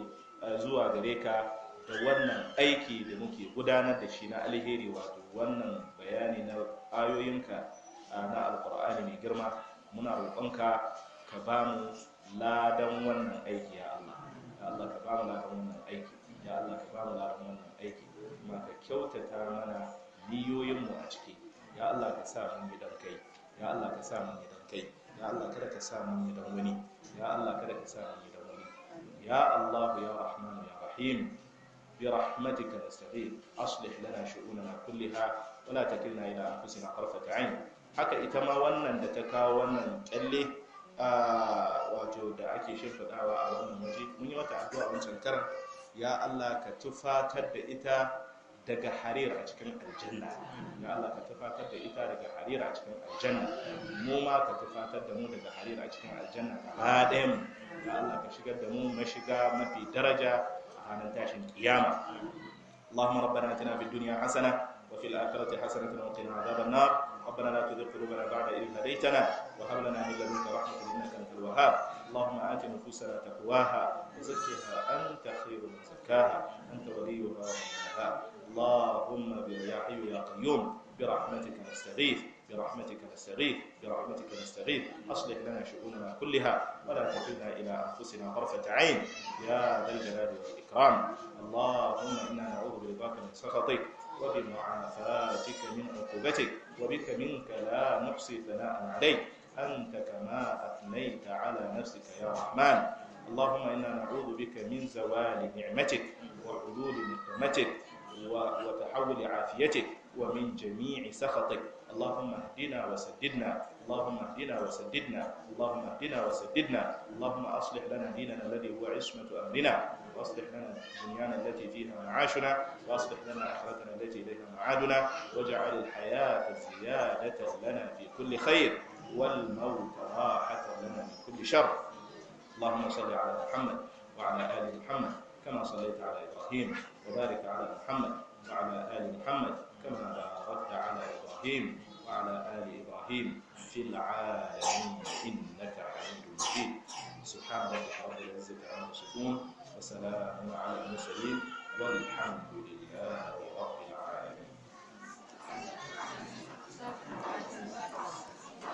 zuwa gare ka da wannan aiki da muke gudanar da shi na alheri wato wannan bayani na ayoyinka ah, na alkur'ani mai girma muna roƙonka ka ba mu ladan wannan aiki ya Allah ya Allah ka ba mu ladan wannan aiki ya Allah ka ba mu ladan wannan aiki kuma ka kyautata mana niyoyin mu a ciki ya Allah ka sa mun yi dan kai ya Allah ka sa mun yi dan kai ya Allah kada ka sa mun yi dan wani ya Allah kada ka sa mun yi dan wani ya Allah ya Rahman ya Rahim برحمتك نستعين أصلح لنا شؤوننا كلها ولا تكلنا إلى أنفسنا طرفة عين haka ita ma wannan da ta kawo wannan kyalle wato da ake shimfiɗawa a wannan waje mun yi mata addu'a wancan karan ya Allah ka tufatar da ita daga harira a cikin aljanna ya Allah ka tufatar da ita daga harira a cikin aljanna mu ma ka tufatar da mu daga harira a cikin aljanna ba ya Allah ka shigar da mu mashiga mafi daraja ranar tashin القيامة اللهم ربنا اتنا في الدنيا حسنه وفي الاخره حسنه وقنا عذاب النار ربنا لا تذق قلوبنا بعد إذ هديتنا وهب لنا من لدنك رحمه انك انت الوهاب اللهم ات نفوسنا تقواها وزكها انت خير من زكاها انت وليها ومولاها اللهم يا حي يا قيوم برحمتك نستغيث برحمتك نستغيث برحمتك نستغيث أصلح لنا شؤوننا كلها ولا تكلنا إلى أنفسنا طرفة عين يا ذا الجلال والإكرام اللهم إنا نعوذ برضاك من سخطك وبمعافاتك من عقوبتك وبك منك لا نحصي ثناء عليك أنت كما أثنيت على نفسك يا رحمن اللهم إنا نعوذ بك من زوال نعمتك وحلول نقمتك وتحول عافيتك ومن جميع سخطك اللهم اهدنا وسددنا اللهم اهدنا وسددنا اللهم اهدنا وسددنا اللهم اصلح لنا ديننا الذي هو عصمه امرنا واصلح لنا دنيانا التي فيها معاشنا واصلح لنا اخرتنا التي اليها معادنا واجعل الحياه زياده لنا في كل خير والموت راحه لنا من كل شر اللهم صل على محمد وعلى ال محمد كما صليت على ابراهيم وبارك على محمد وعلى ال محمد كما باركت على ابراهيم إبراهيم وعلى آل إبراهيم في العالمين إنك حميد مجيد سبحان ربك رب العزة عما يصفون وسلام على المرسلين والحمد لله رب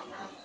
العالمين